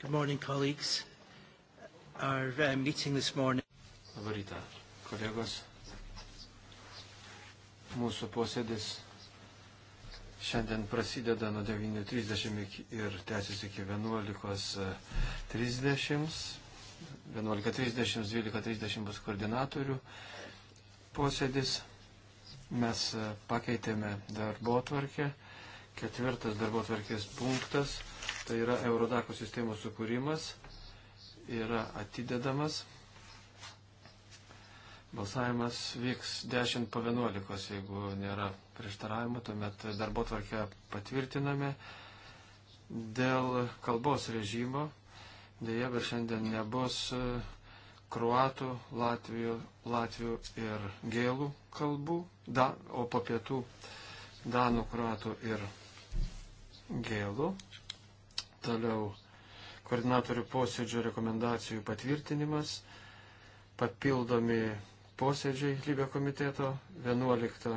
Good morning, colleagues. Our uh, meeting this morning. Labą rytą, kolegos. Mūsų posėdis šiandien prasideda nuo 9.30 ir tęsis iki 11.30. 11.30, 12.30 bus koordinatorių posėdis. Mes uh, pakeitėme darbo tvarkę. Ketvirtas darbo tvarkės punktas tai yra Eurodako sistemos sukūrimas, yra atidedamas. Balsavimas vyks 10 po 11, jeigu nėra prieštaravimų, tuomet darbo tvarkę patvirtiname. Dėl kalbos režimo, dėja, bet šiandien nebus e, kruatų, latvių, latvių ir gėlų kalbų, da, o po pietų danų, kruatų ir gėlų. Toliau koordinatorių posėdžio rekomendacijų patvirtinimas, papildomi posėdžiai lygio komiteto 11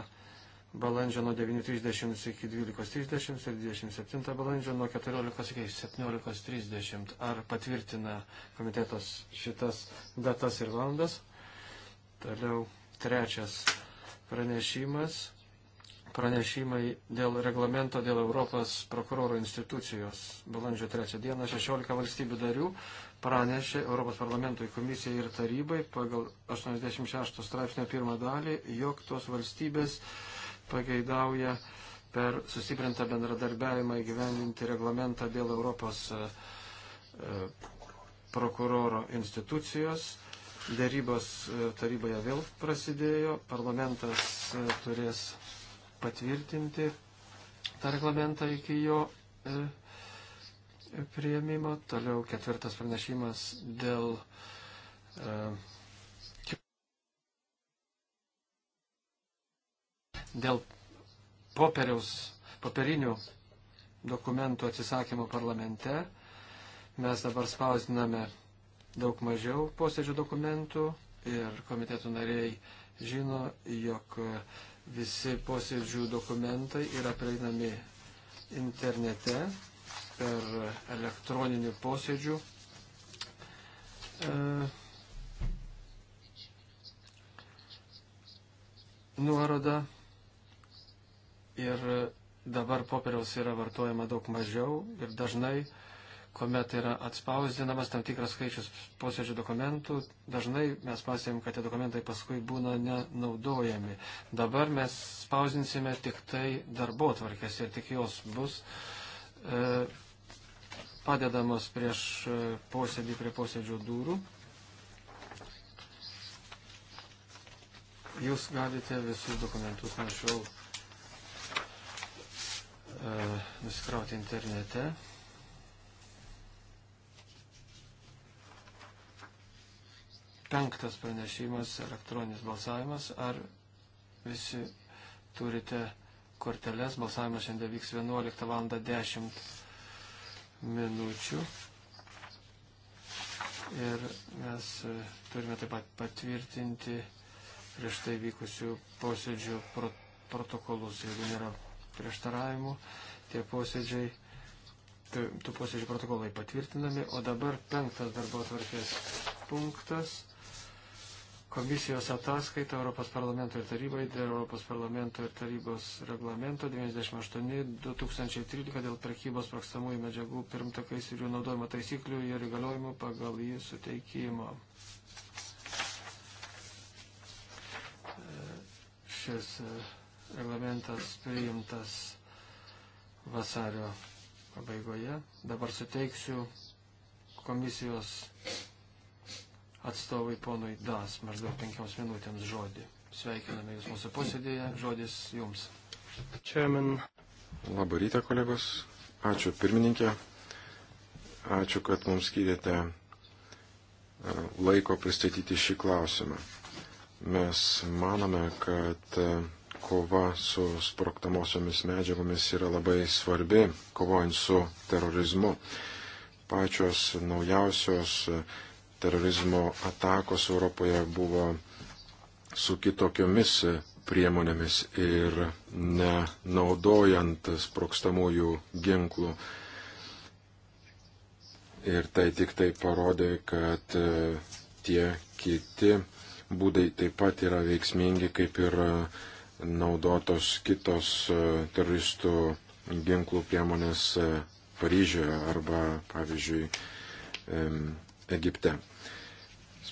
balandžio nuo 9.30 iki 12.30 ir 27 balandžio nuo 14 iki 17.30. Ar patvirtina komitetas šitas datas ir valandas? Toliau trečias pranešimas pranešimai dėl reglamento dėl Europos prokuroro institucijos. Balandžio 3 dieną 16 valstybių darių pranešė Europos parlamentui komisijai ir tarybai pagal 86 straipsnio pirmą dalį, jog tos valstybės pageidauja per sustiprintą bendradarbiavimą įgyvendinti reglamentą dėl Europos e, e, prokuroro institucijos. Dėrybos e, taryboje vėl prasidėjo, parlamentas turės patvirtinti tą reglamentą iki jo e, prieimimo. Toliau ketvirtas pranešimas dėl. E, dėl popieriaus, popierinių dokumentų atsisakymo parlamente mes dabar spausdiname daug mažiau posėdžių dokumentų ir komitetų nariai žino, jog Visi posėdžių dokumentai yra prieinami internete per elektroninių posėdžių e, nuorodą. Ir dabar popieriaus yra vartojama daug mažiau ir dažnai kuomet yra atspausdinamas tam tikras skaičius posėdžių dokumentų, dažnai mes pasėm, kad tie dokumentai paskui būna nenaudojami. Dabar mes spausdinsime tik tai darbo tvarkės ir tik jos bus e, padedamos prieš e, posėdį prie posėdžio durų. Jūs galite visus dokumentus anksčiau e, nusikrauti internete. Penktas pranešimas - elektroninis balsavimas. Ar visi turite korteles? Balsavimas šiandien vyks 11 val. 10 minučių. Ir mes e, turime taip pat patvirtinti prieš tai vykusių posėdžių prot protokolus, jeigu nėra prieštaravimų, tie posėdžiai, tų posėdžių protokolai patvirtinami. O dabar penktas darbo atvarkės punktas komisijos ataskaita Europos parlamento ir tarybai dėl Europos parlamento ir tarybos reglamento 98-2013 dėl prekybos prokstamųjų medžiagų pirmtakais ir jų naudojimo taisyklių ir įgaliojimų pagal jį suteikimo. E, šis e, reglamentas priimtas vasario pabaigoje. Dabar suteiksiu komisijos atstovui ponui Das maždaug penkioms minutėms žodį. Sveikiname Jūs mūsų posėdėje. Žodis Jums. Chairman. Labą rytą, kolegos. Ačiū pirmininkė. Ačiū, kad mums skyrėte e, laiko pristatyti šį klausimą. Mes manome, kad e, kova su sproktamosiomis medžiagomis yra labai svarbi, kovojant su terorizmu. Pačios naujausios terorizmo atakos Europoje buvo su kitokiomis priemonėmis ir nenaudojant sprokstamųjų ginklų. Ir tai tik tai parodė, kad e, tie kiti būdai taip pat yra veiksmingi, kaip ir e, naudotos kitos e, teroristų ginklų priemonės Paryžioje arba, pavyzdžiui, Egipte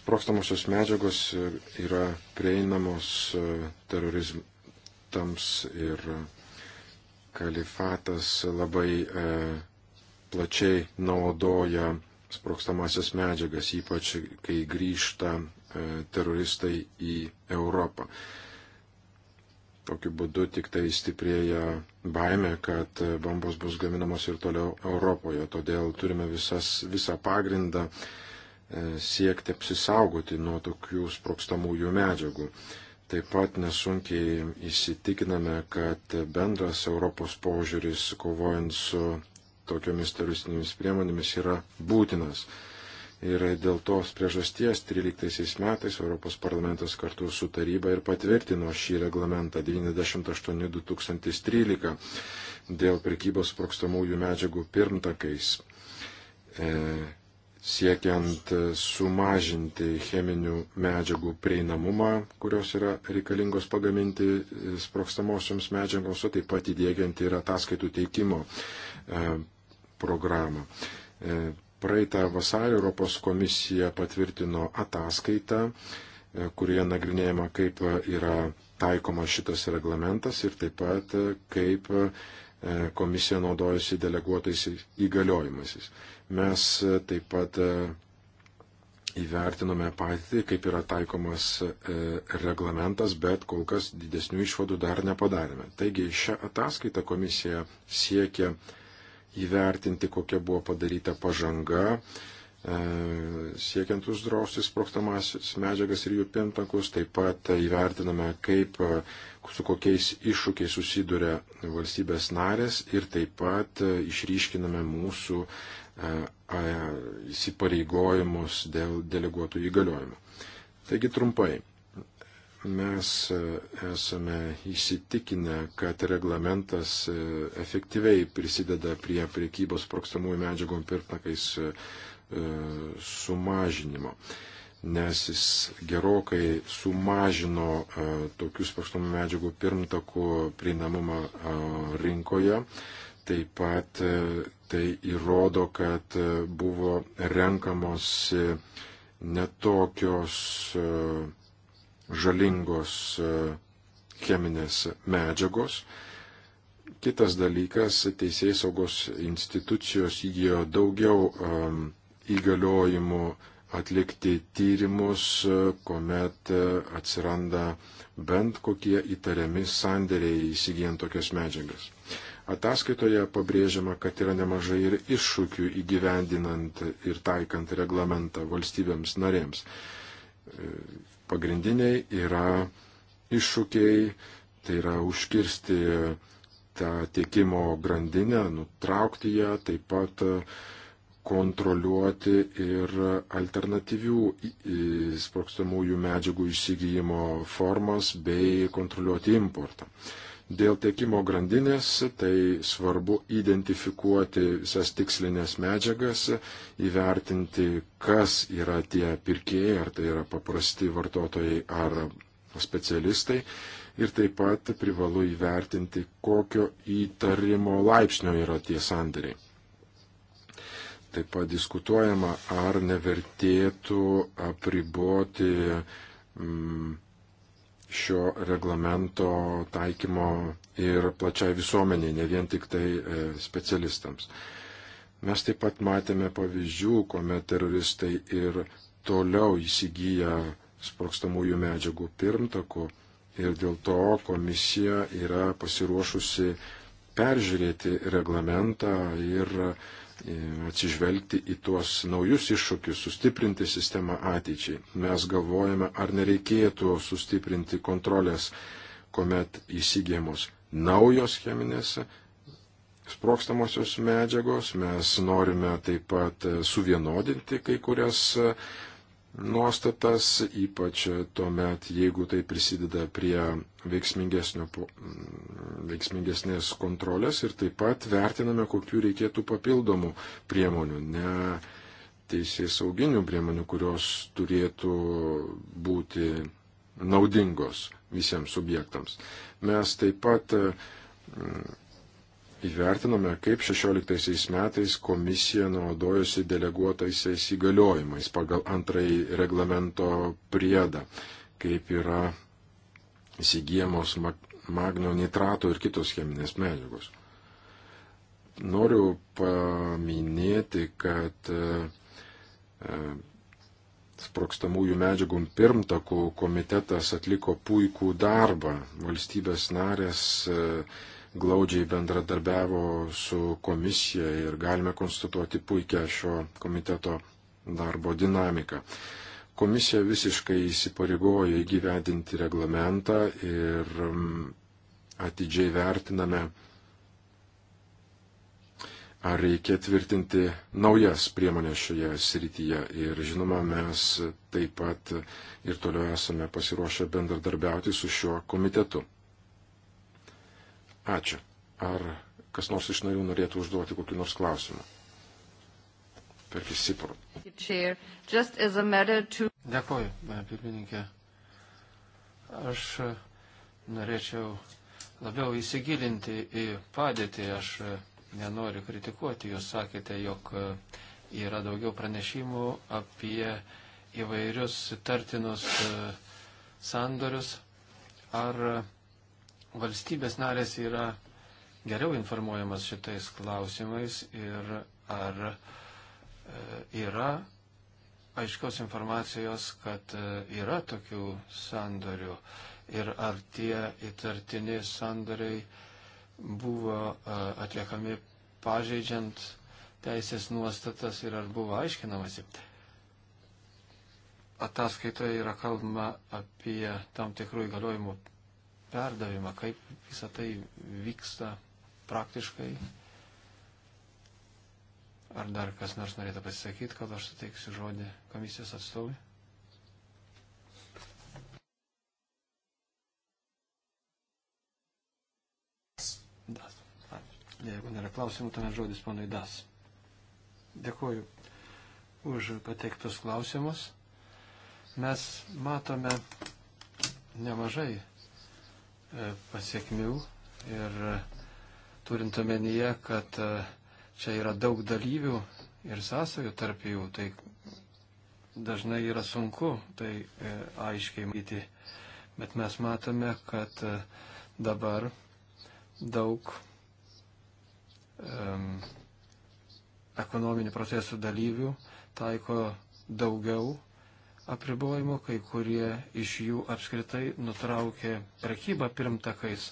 sprokstamosios medžiagos yra prieinamos e, terorizmams ir kalifatas labai e, plačiai naudoja sprokstamasias medžiagas, ypač kai grįžta e, teroristai į Europą. Tokiu būdu tik tai stiprėja baime, kad e, bombos bus gaminamos ir toliau Europoje. Todėl turime visas, visą pagrindą e, E, siekti apsisaugoti nuo tokių sprokstamųjų medžiagų. Taip pat nesunkiai įsitikiname, kad bendras Europos požiūris kovojant su tokiomis teroristinėmis priemonėmis yra būtinas. Ir dėl tos priežasties 13 metais Europos parlamentas kartu su taryba ir patvirtino šį reglamentą 98-2013 dėl prekybos sprokstamųjų medžiagų pirmtakais. E, siekiant sumažinti cheminių medžiagų prieinamumą, kurios yra reikalingos pagaminti sprokstamosioms medžiagoms, o taip pat įdėgiant ir ataskaitų teikimo e, programą. E, praeitą vasarį Europos komisija patvirtino ataskaitą, e, kurioje nagrinėjama, kaip yra taikoma šitas reglamentas ir taip pat kaip E, komisija naudojasi deleguotais įgaliojimasis. Mes e, taip pat e, įvertinome patį, kaip yra taikomas reglamentas, bet kol kas didesnių išvadų dar nepadarėme. Taigi šią ataskaitą komisija siekia įvertinti, kokia buvo padaryta pažanga, E, siekiant uždrausti sprokstamasis medžiagas ir jų pintakus, taip pat įvertiname, kaip, e, su kokiais iššūkiais susiduria valstybės narės ir taip pat e, išryškiname mūsų įsipareigojimus dėl deleguotų įgaliojimų. Taigi trumpai, mes esame įsitikinę, kad reglamentas efektyviai prisideda prie priekybos sprokstamųjų medžiagom pirtakais E, sumažinimo, nes jis gerokai sumažino e, tokių sparkstomų medžiagų pirmtakų prieinamumą e, rinkoje. Taip pat tai įrodo, kad buvo renkamos netokios žalingos cheminės medžiagos. Kitas dalykas, teisėjai saugos institucijos įgyjo daugiau um, įgaliojimų atlikti tyrimus, kuomet atsiranda bent kokie įtariami sandėliai įsigijant tokias medžiagas. Ataskaitoje pabrėžiama, kad yra nemažai ir iššūkių įgyvendinant ir taikant reglamentą valstybėms narėms. Pagrindiniai yra iššūkiai, tai yra užkirsti tą tiekimo grandinę, nutraukti ją, taip pat kontroliuoti ir alternatyvių sprokstamųjų medžiagų įsigijimo formas bei kontroliuoti importą. Dėl tiekimo grandinės tai svarbu identifikuoti visas tikslinės medžiagas, įvertinti, kas yra tie pirkėjai, ar tai yra paprasti vartotojai ar specialistai. Ir taip pat privalu įvertinti, kokio įtarimo laipsnio yra tie sandariai. Taip pat diskutuojama, ar nevertėtų apriboti mm, šio reglamento taikymo ir plačiai visuomeniai, ne vien tik tai e, specialistams. Mes taip pat matėme pavyzdžių, kuomet teroristai ir toliau įsigyja sprokstamųjų medžiagų pirmtakų ir dėl to komisija yra pasiruošusi peržiūrėti reglamentą ir atsižvelgti į tuos naujus iššūkius, sustiprinti sistemą ateičiai. Mes galvojame, ar nereikėtų sustiprinti kontrolės, kuomet įsigėmus naujos cheminės sprokstamosios medžiagos. Mes norime taip pat suvienodinti kai kurias nuostatas, ypač tuo met, jeigu tai prisideda prie veiksmingesnės kontrolės ir taip pat vertiname, kokiu reikėtų papildomų priemonių, ne teisės sauginių priemonių, kurios turėtų būti naudingos visiems subjektams. Mes taip pat Įvertinome, kaip 16 metais komisija naudojosi deleguotaisiais įgaliojimais pagal antrąjį reglamento priedą, kaip yra įsigijamos magnio nitrato ir kitos cheminės medžiagos. Noriu paminėti, kad e, e, sprokstamųjų medžiagų pirmtakų komitetas atliko puikų darbą. Valstybės narės e, glaudžiai bendradarbiavo su komisija ir galime konstatuoti puikią šio komiteto darbo dinamiką. Komisija visiškai įsipareigoja įgyvendinti reglamentą ir mm, atidžiai vertiname, ar reikia tvirtinti naujas priemonės šioje srityje. Ir žinoma, mes taip pat ir toliau esame pasiruošę bendradarbiauti su šiuo komitetu. Ačiū. Ar kas nors iš narių norėtų užduoti kokį nors klausimą? Per Kisiprų. Dėkuoju, pirmininkė. Aš norėčiau labiau įsigilinti į padėtį. Aš nenoriu kritikuoti. Jūs sakėte, jog yra daugiau pranešimų apie įvairius tartinus e, sandorius. Ar valstybės narės yra geriau informuojamas šitais klausimais ir ar e, yra aiškios informacijos, kad e, yra tokių sandorių ir ar tie įtartini sandoriai buvo e, atliekami pažeidžiant teisės nuostatas ir ar buvo aiškinamasi. Ataskaitoje yra kalbama apie tam tikrų įgaliojimų perdavimą, kaip visą tai vyksta praktiškai. Ar dar kas nors norėtų pasisakyti, kad aš suteiksiu žodį komisijos atstovui? Das. Jeigu nėra klausimų, tuomet žodis panui Das. Dėkuoju už pateiktus klausimus. Mes matome nemažai E, pasiekmių ir e, turint omenyje, kad e, čia yra daug dalyvių ir sąsajų tarp jų, tai dažnai yra sunku tai aiškiai matyti. Bet mes matome, kad dabar daug um, ekonominių procesų dalyvių taiko daugiau apribojimų, kai kurie iš jų apskritai nutraukė prekybą pirmtakais.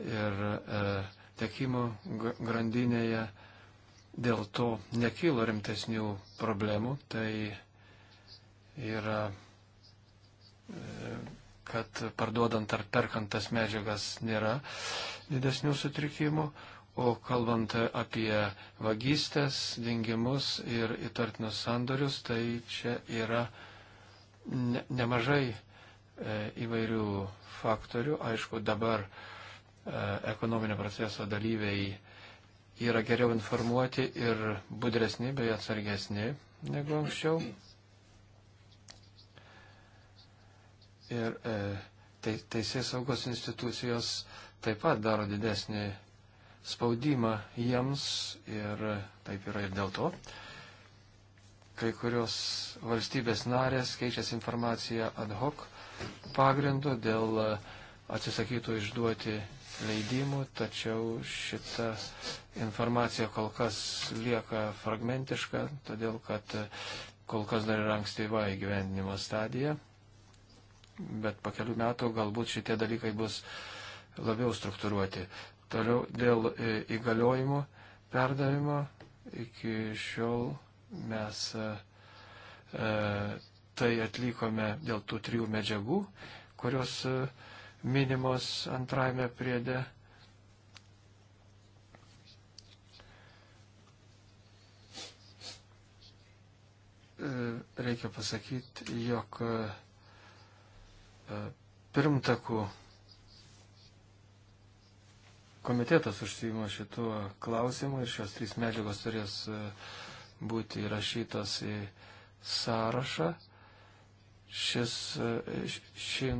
Ir e, tekimo grandinėje dėl to nekylo rimtesnių problemų. Tai yra, e, kad parduodant ar perkant tas medžiagas nėra didesnių sutrikimų. O kalbant apie vagystės, dingimus ir įtartinus sandorius, tai čia yra ne, nemažai e, įvairių faktorių. Aišku, dabar e, ekonominio proceso dalyviai yra geriau informuoti ir budresni bei atsargesni negu anksčiau. Ir e, te, teisės saugos institucijos taip pat daro didesnį spaudimą jiems ir taip yra ir dėl to. Kai kurios valstybės narės keičiasi informaciją ad hoc pagrindu dėl atsisakytų išduoti leidimų, tačiau šita informacija kol kas lieka fragmentiška, todėl kad kol kas dar yra ankstyva įgyvendinimo stadija, bet po kelių metų galbūt šitie dalykai bus labiau struktūruoti. Toliau dėl e, įgaliojimų perdavimo iki šiol mes e, e, tai atlikome dėl tų trijų medžiagų, kurios e, minimos antrajame priede. E, reikia pasakyti, jog pirmtakų komitetas užsijimo šituo klausimu ir šios trys medžiagos turės e, būti įrašytos į sąrašą. Šis, e, ši,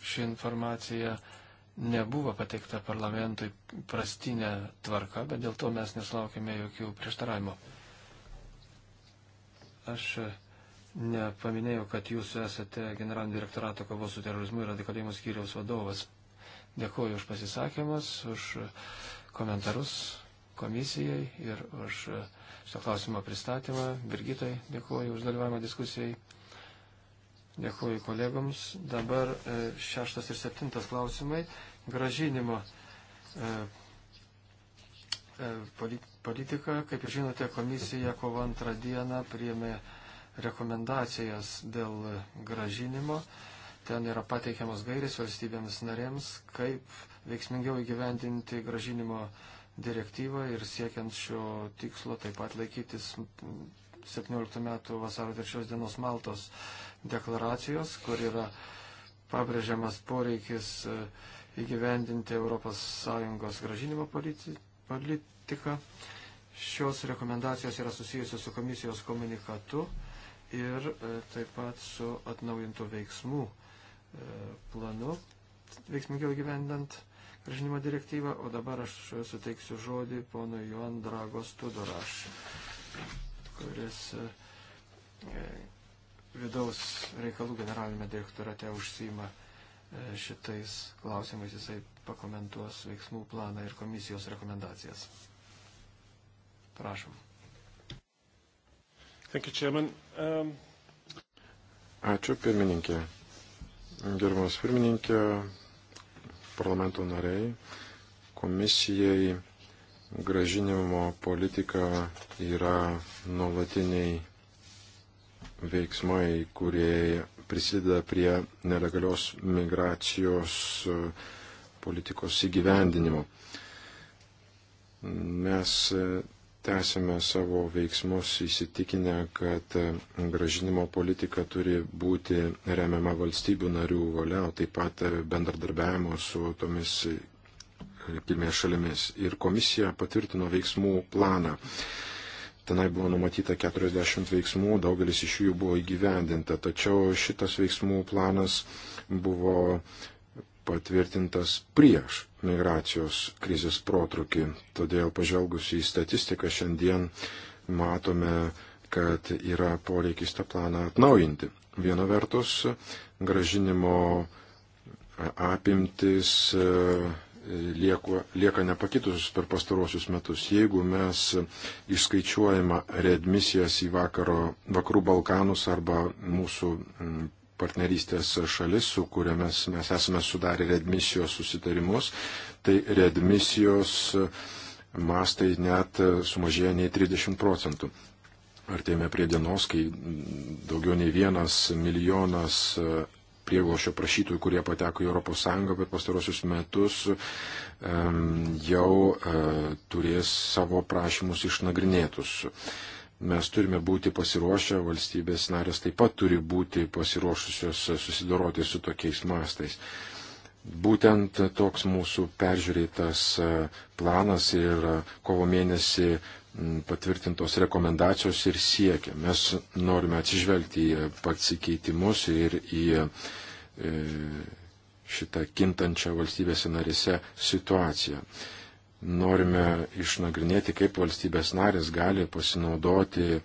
ši informacija nebuvo pateikta parlamentui prastinė tvarka, bet dėl to mes neslaukime jokių prieštaravimų. Aš e, nepaminėjau, kad jūs esate generalinio direktorato kovos su terorizmu ir radikalėjimu skyriaus vadovas. Dėkuoju už pasisakymus, už komentarus komisijai ir už šio klausimo pristatymą. Birgitai, dėkuoju už dalyvavimą diskusijai. Dėkuoju kolegoms. Dabar e, šeštas ir septintas klausimai. Gražinimo e, e, politika. Kaip žinote, komisija kovo antrą dieną priėmė rekomendacijas dėl gražinimo. Ten yra pateikiamas gairės valstybėms narėms, kaip veiksmingiau įgyvendinti gražinimo direktyvą ir siekiant šio tikslo taip pat laikytis 17 metų vasaro 3 dienos Maltos deklaracijos, kur yra pabrėžiamas poreikis e, įgyvendinti ES gražinimo politiką. Šios rekomendacijos yra susijusios su komisijos komunikatu ir e, taip pat su atnaujintų veiksmų planu, veiksmingiau gyvendant gražinimo direktyvą, o dabar aš suteiksiu žodį ponui Juan Dragos Tudoraš, kuris e, vidaus reikalų generalinėme direktorate užsima e, šitais klausimais, jisai pakomentuos veiksmų planą ir komisijos rekomendacijas. Prašom. Thank you, Chairman. Um... Ačiū, pirmininkė gerbiamas pirmininkė, parlamento nariai, komisijai gražinimo politika yra nuolatiniai veiksmai, kurie prisideda prie nelegalios migracijos e, politikos įgyvendinimo. Mes tęsime savo veiksmus įsitikinę, kad gražinimo politika turi būti remiama valstybių narių valia, o taip pat bendradarbiavimo su tomis kilmės šalimis. Ir komisija patvirtino veiksmų planą. Tenai buvo numatyta 40 veiksmų, daugelis iš jų buvo įgyvendinta, tačiau šitas veiksmų planas buvo patvirtintas prieš migracijos krizės protrukį. Todėl pažvelgus į statistiką šiandien matome, kad yra poreikis tą planą atnaujinti. Viena vertus, gražinimo apimtis e, lieku, lieka nepakitusius per pastarosius metus. Jeigu mes išskaičiuojame redmisijas į vakaro, vakarų Balkanus arba mūsų partnerystės šalis, su kuriamis mes esame sudarę redmisijos susitarimus, tai redmisijos mastai net sumažėjo nei 30 procentų. Artėjame prie dienos, kai daugiau nei vienas milijonas e, prieglošio prašytojų, kurie pateko į ES per pastarosius metus, jau e, turės savo prašymus išnagrinėtus mes turime būti pasiruošę, valstybės narės taip pat turi būti pasiruošusios susidoroti su tokiais mastais. Būtent toks mūsų peržiūrėtas e, planas ir e, kovo mėnesį patvirtintos rekomendacijos ir siekia. Mes norime atsižvelgti į pasikeitimus ir į e, šitą kintančią valstybėse narėse situaciją norime išnagrinėti, kaip valstybės narės gali pasinaudoti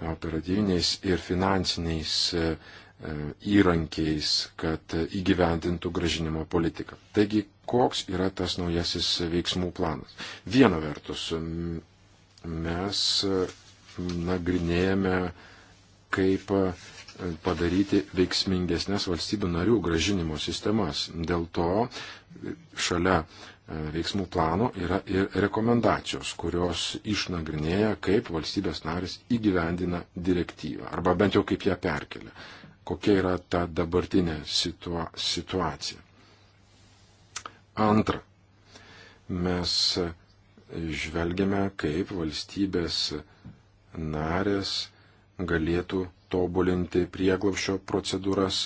operatyviniais ir finansiniais e, e, įrankiais, kad įgyvendintų gražinimo politiką. Taigi, koks yra tas naujasis veiksmų planas? Viena vertus, mes nagrinėjame, kaip padaryti veiksmingesnės valstybių narių gražinimo sistemas. Dėl to šalia E, veiksmų plano yra ir rekomendacijos, kurios išnagrinėja, kaip valstybės narės įgyvendina direktyvą, arba bent jau kaip ją perkelia, kokia yra ta dabartinė situa situacija. Antra, mes žvelgiame, kaip valstybės narės galėtų tobulinti prieglapšio procedūras,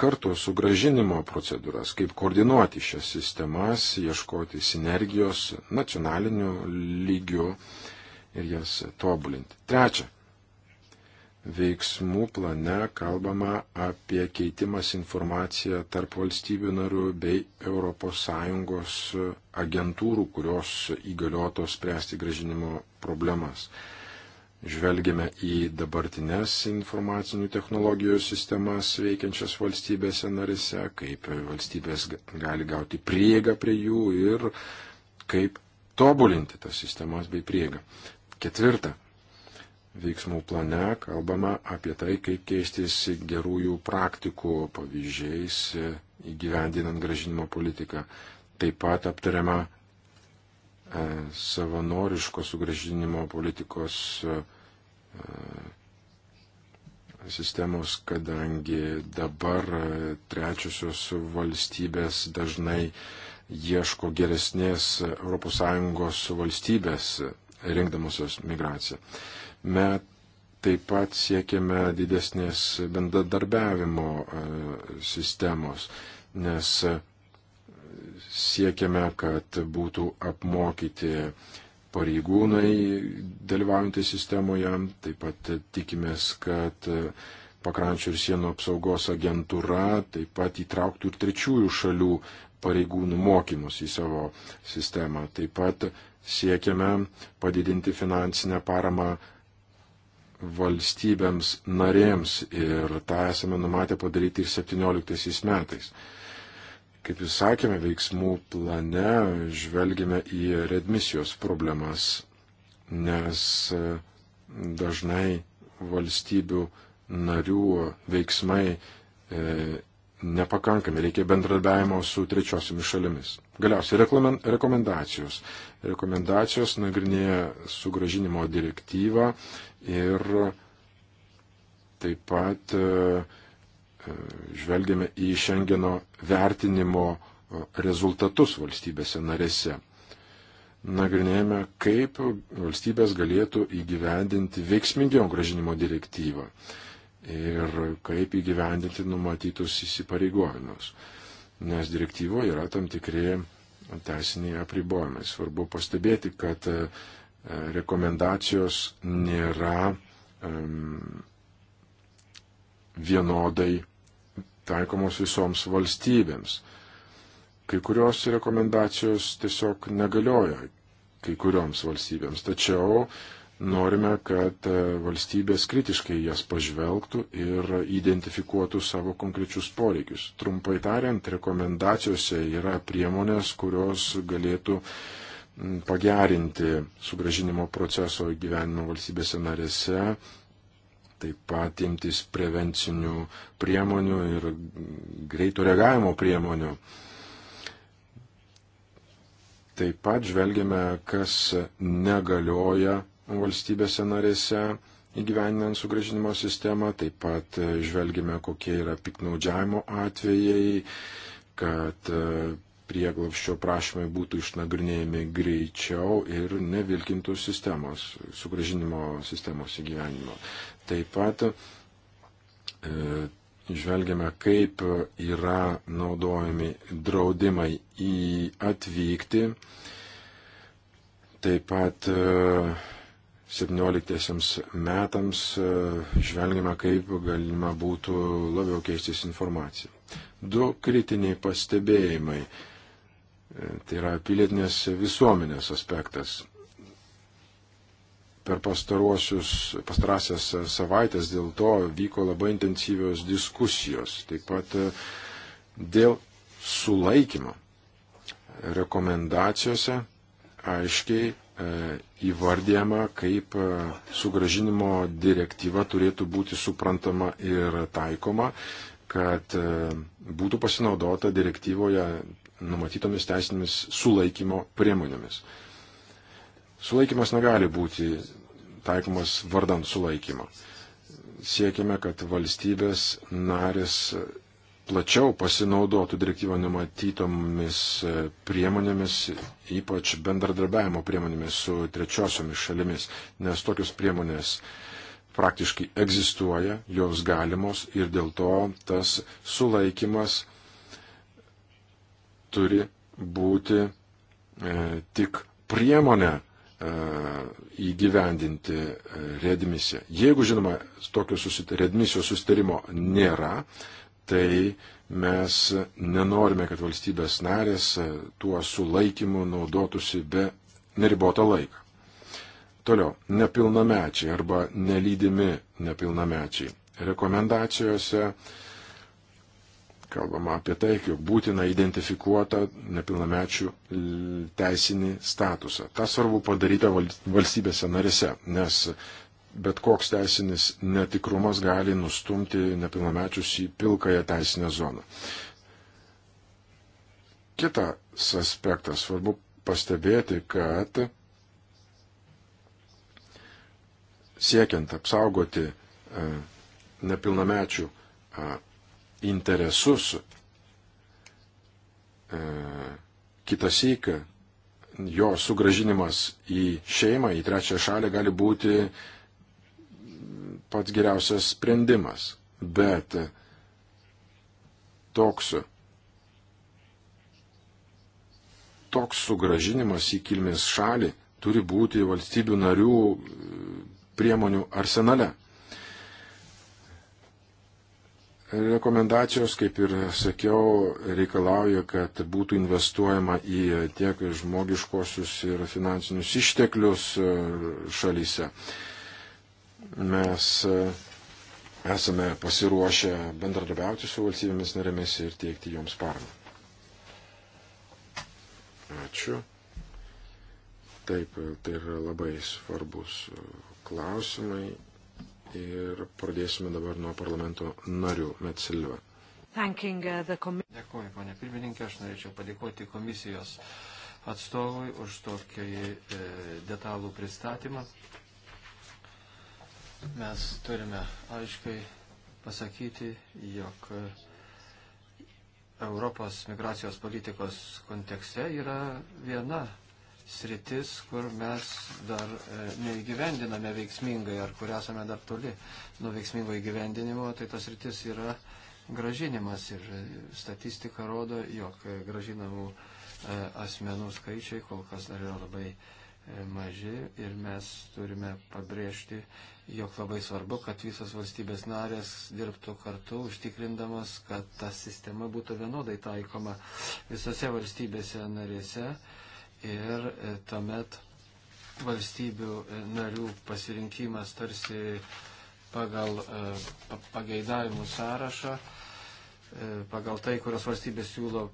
kartu sugražinimo procedūras, kaip koordinuoti šias sistemas, ieškoti sinergijos nacionaliniu lygiu ir jas tobulinti. Trečia. Veiksmų plane kalbama apie keitimas informaciją tarp valstybių narių bei ES agentūrų, kurios įgaliotos spręsti gražinimo problemas žvelgiame į dabartines informacinių technologijų sistemas veikiančias valstybėse narise, kaip valstybės gali gauti prieigą prie jų ir kaip tobulinti tas sistemas bei prieigą. Ketvirta. Veiksmų plane kalbama apie tai, kaip keistis gerųjų praktikų pavyzdžiais įgyvendinant gražinimo politiką. Taip pat aptariama E, savanoriško sugražinimo politikos e, e, sistemos, kadangi dabar trečiosios valstybės dažnai ieško geresnės ES valstybės rinkdamusios migraciją. Mes taip pat siekiame didesnės bendradarbiavimo sistemos, nes Siekiame, kad būtų apmokyti pareigūnai dalyvaujantys sistemoje. Taip pat tikimės, kad pakrančių ir sienų apsaugos agentūra taip pat įtrauktų ir trečiųjų šalių pareigūnų mokymus į savo sistemą. Taip pat siekiame padidinti finansinę paramą valstybėms narėms ir tą esame numatę padaryti ir 17 metais kaip jūs sakėme, veiksmų plane žvelgime į redmisijos problemas, nes e, dažnai valstybių narių veiksmai e, nepakankami, reikia bendradarbiavimo su trečiosiomis šalimis. Galiausiai rekomendacijos. Rekomendacijos nagrinėja sugražinimo direktyvą ir taip pat e, E, žvelgiame į Šengeno vertinimo e, rezultatus valstybėse narėse. Nagrinėjame, kaip valstybės galėtų įgyvendinti veiksmingiau gražinimo direktyvą ir kaip įgyvendinti numatytus įsipareigojimus. Nes direktyvoje yra tam tikri teisiniai apribojimai. Svarbu pastebėti, kad e, rekomendacijos nėra um, vienodai taikomos visoms valstybėms. Kai kurios rekomendacijos tiesiog negalioja kai kurioms valstybėms, tačiau norime, kad e, valstybės kritiškai jas pažvelgtų ir identifikuotų savo konkrečius poreikius. Trumpai tariant, rekomendacijose yra priemonės, kurios galėtų pagerinti sugražinimo proceso gyvenimo valstybėse narėse taip pat imtis prevencinių priemonių ir greito reagavimo priemonių. Taip pat žvelgiame, kas negalioja valstybėse narėse įgyveninant sugražinimo sistemą, taip pat žvelgiame, kokie yra piknaudžiavimo atvejai, kad prieglavščio prašymai būtų išnagrinėjami greičiau ir nevilkintų sistemos, sugražinimo sistemos įgyvenimo. Taip pat e, žvelgiame, kaip yra naudojami draudimai į atvykti. Taip pat e, 17 metams e, žvelgiame, kaip galima būtų labiau keistis informaciją. Du kritiniai pastebėjimai Tai yra pilietinės visuomenės aspektas. Per pastarąsias savaitės dėl to vyko labai intensyvios diskusijos. Taip pat e, dėl sulaikymo rekomendacijose aiškiai e, įvardyjama, kaip e, sugražinimo direktyva turėtų būti suprantama ir taikoma, kad būtų pasinaudota direktyvoje numatytomis teisinėmis sulaikymo priemonėmis. Sulaikymas negali būti taikomas vardant sulaikymą. Siekime, kad valstybės narės plačiau pasinaudotų direktyvą numatytomis e, priemonėmis, ypač bendradarbiavimo priemonėmis su trečiosiomis šalimis, nes tokios priemonės praktiškai egzistuoja, jos galimos ir dėl to tas sulaikimas turi būti e, tik priemonė e, įgyvendinti e, redmisiją. Jeigu, žinoma, tokio susit redmisijos susitarimo nėra, tai mes nenorime, kad valstybės narės e, tuo sulaikymu naudotųsi be neribotą laiką. Toliau, nepilnamečiai arba nelydimi nepilnamečiai. Rekomendacijose e, kalbama apie tai, jog būtina identifikuota nepilnamečių teisinį statusą. Ta svarbu padaryta valstybėse narėse, nes bet koks teisinis netikrumas gali nustumti nepilnamečius į pilkąją teisinę zoną. Kitas aspektas svarbu pastebėti, kad siekiant apsaugoti e, nepilnamečių e, interesus. E, Kitas įk, jo sugražinimas į šeimą, į trečią šalį gali būti pats geriausias sprendimas. Bet toks, toks sugražinimas į kilmės šalį turi būti valstybių narių priemonių arsenale. Rekomendacijos, kaip ir sakiau, reikalauja, kad būtų investuojama į tiek žmogiškosius ir finansinius išteklius e, šalyse. Mes e, esame pasiruošę bendradarbiauti su valstybėmis narėmis ir teikti joms paramą. Ačiū. Taip, tai yra labai svarbus e, klausimai Ir pradėsime dabar nuo parlamento narių Metsilva. Uh, Dėkuoju, ponė pirmininkė, aš norėčiau padėkoti komisijos atstovui už tokį e, detalų pristatymą. Mes turime aiškiai pasakyti, jog Europos migracijos politikos kontekste yra viena sritis, kur mes dar e, neįgyvendiname veiksmingai ar kur esame dar toli nuo veiksmingo įgyvendinimo, tai tas sritis yra gražinimas ir e, statistika rodo, jog e, gražinamų asmenų skaičiai kol kas dar yra labai maži ir mes turime pabrėžti, jog labai svarbu, kad visos valstybės narės dirbtų kartu, užtikrindamas, kad ta sistema būtų vienodai taikoma visose valstybėse narėse ir e, tuomet valstybių e, narių pasirinkimas tarsi pagal e, pageidavimų sąrašą, pagal tai, kurios valstybės siūlo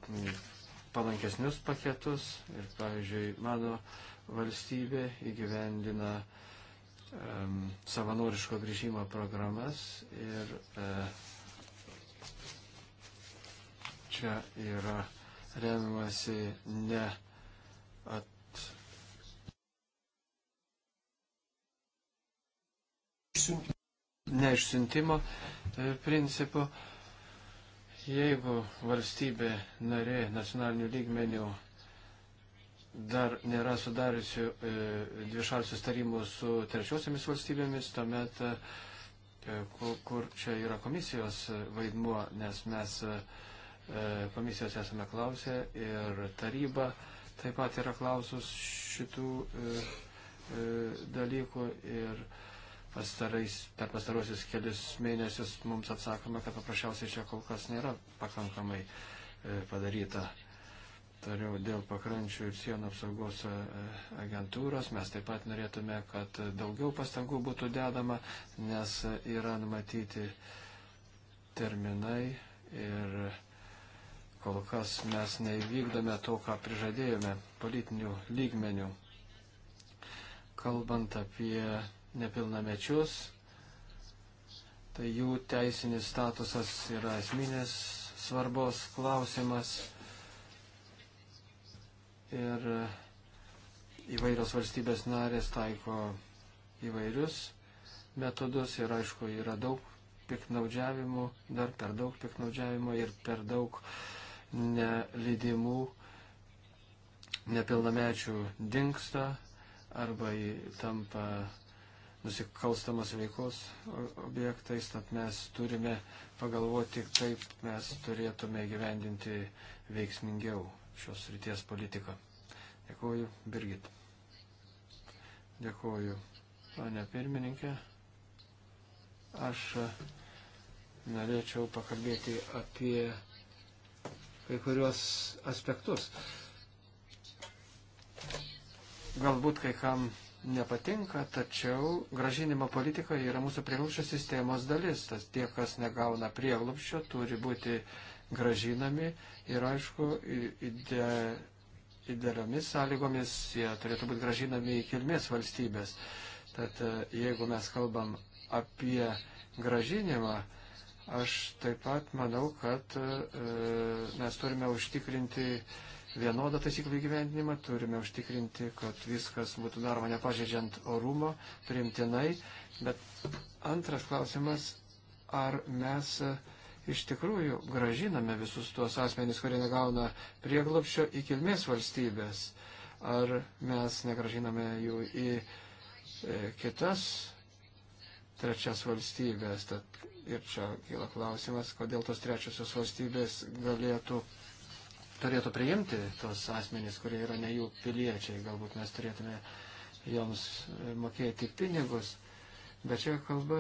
palankesnius paketus ir, pavyzdžiui, mano valstybė įgyvendina um, savanoriško grįžimo programas ir uh, čia yra remiamasi ne uh, at, neišsiuntimo e, principu. Jeigu valstybė narė nacionalinių lygmenių dar nėra sudariusių e, dvišalių sustarimų su trečiosiamis valstybėmis, tuomet e, kur, kur čia yra komisijos vaidmuo, nes mes e, e komisijos esame klausę ir taryba e, taip pat yra klausus šitų e, e, dalykų ir pastarais, per pastarosius kelius mėnesius mums atsakoma, kad paprasčiausiai čia kol kas nėra pakankamai e, padaryta. Toliau dėl pakrančių ir sienų apsaugos e, agentūros mes taip pat norėtume, kad daugiau pastangų būtų dedama, nes yra numatyti terminai ir Kol kas mes neįvykdome to, ką prižadėjome politinių lygmenių. Kalbant apie nepilnamečius, tai jų teisinis statusas yra esminės svarbos klausimas. Ir įvairios valstybės narės taiko įvairius metodus ir aišku yra daug piknaudžiavimų, dar per daug piknaudžiavimo ir per daug uh, nelydimų nepilnamečių dinksta arba tampa nusikalstamas veikos objektais, tad mes turime pagalvoti, kaip mes turėtume gyvendinti veiksmingiau šios ryties politiką. Dėkuoju, Birgit. Dėkuoju, pane pirmininkė. Aš norėčiau pakalbėti apie kai kurios aspektus. Galbūt kai kam nepatinka, tačiau gražinimo politika yra mūsų prieglupščio sistemos dalis. Tas tie, kas negauna prieglupščio, turi būti gražinami ir, aišku, ide, idealiomis sąlygomis jie turėtų būti gražinami į kilmės valstybės. Tad e, jeigu mes kalbam apie gražinimą, Aš taip pat manau, kad e, mes turime užtikrinti vienodą taisyklų įgyvendinimą, turime užtikrinti, kad viskas būtų daroma nepažeidžiant orumo, priimtinai. Bet antras klausimas, ar mes e, iš tikrųjų gražiname visus tuos asmenys, kurie negauna prieglopščio į kilmės valstybės, ar mes negražiname jų į e, kitas trečias valstybės. Tad Ir čia kyla klausimas, kodėl tos trečiosios valstybės galėtų, turėtų priimti tos asmenys, kurie yra ne jų piliečiai. Galbūt mes turėtume joms e, mokėti pinigus. Bet čia, kalba,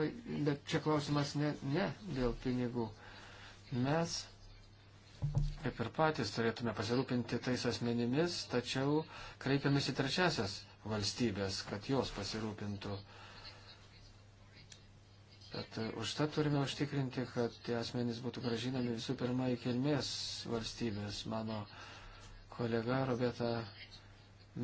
bet čia klausimas ne, ne dėl pinigų. Mes kaip ir patys turėtume pasirūpinti tais asmenimis, tačiau kreipiamės į trečiasias valstybės, kad jos pasirūpintų uh, Bet užtat turime užtikrinti, kad tie asmenys būtų gražinami visų pirma į kilmės valstybės. Mano kolega Roberta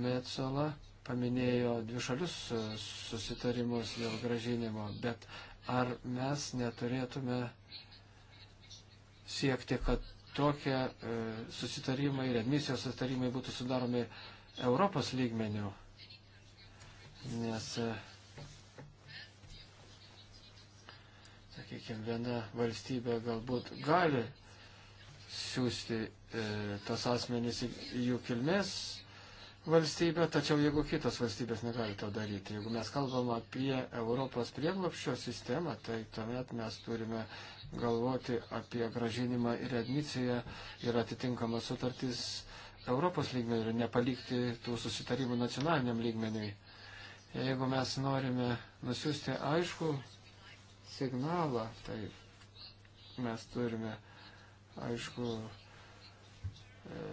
Metzola paminėjo dvišalius e, susitarimus dėl gražinimo, bet ar mes neturėtume siekti, kad tokie e, susitarimai ir admisijos susitarimai būtų sudaromi Europos lygmenių, nes e, sakykime, viena valstybė galbūt gali siūsti e, tas asmenys į jų kilmės valstybę, tačiau jeigu kitos valstybės negali to daryti, jeigu mes kalbam apie Europos prieglopščio sistemą, tai tuomet mes turime galvoti apie gražinimą ir admiciją ir atitinkamas sutartys Europos lygmenių ir nepalikti tų susitarimų nacionaliniam lygmeniui. Jeigu mes norime nusiųsti aišku signalą. Tai mes turime, aišku, e,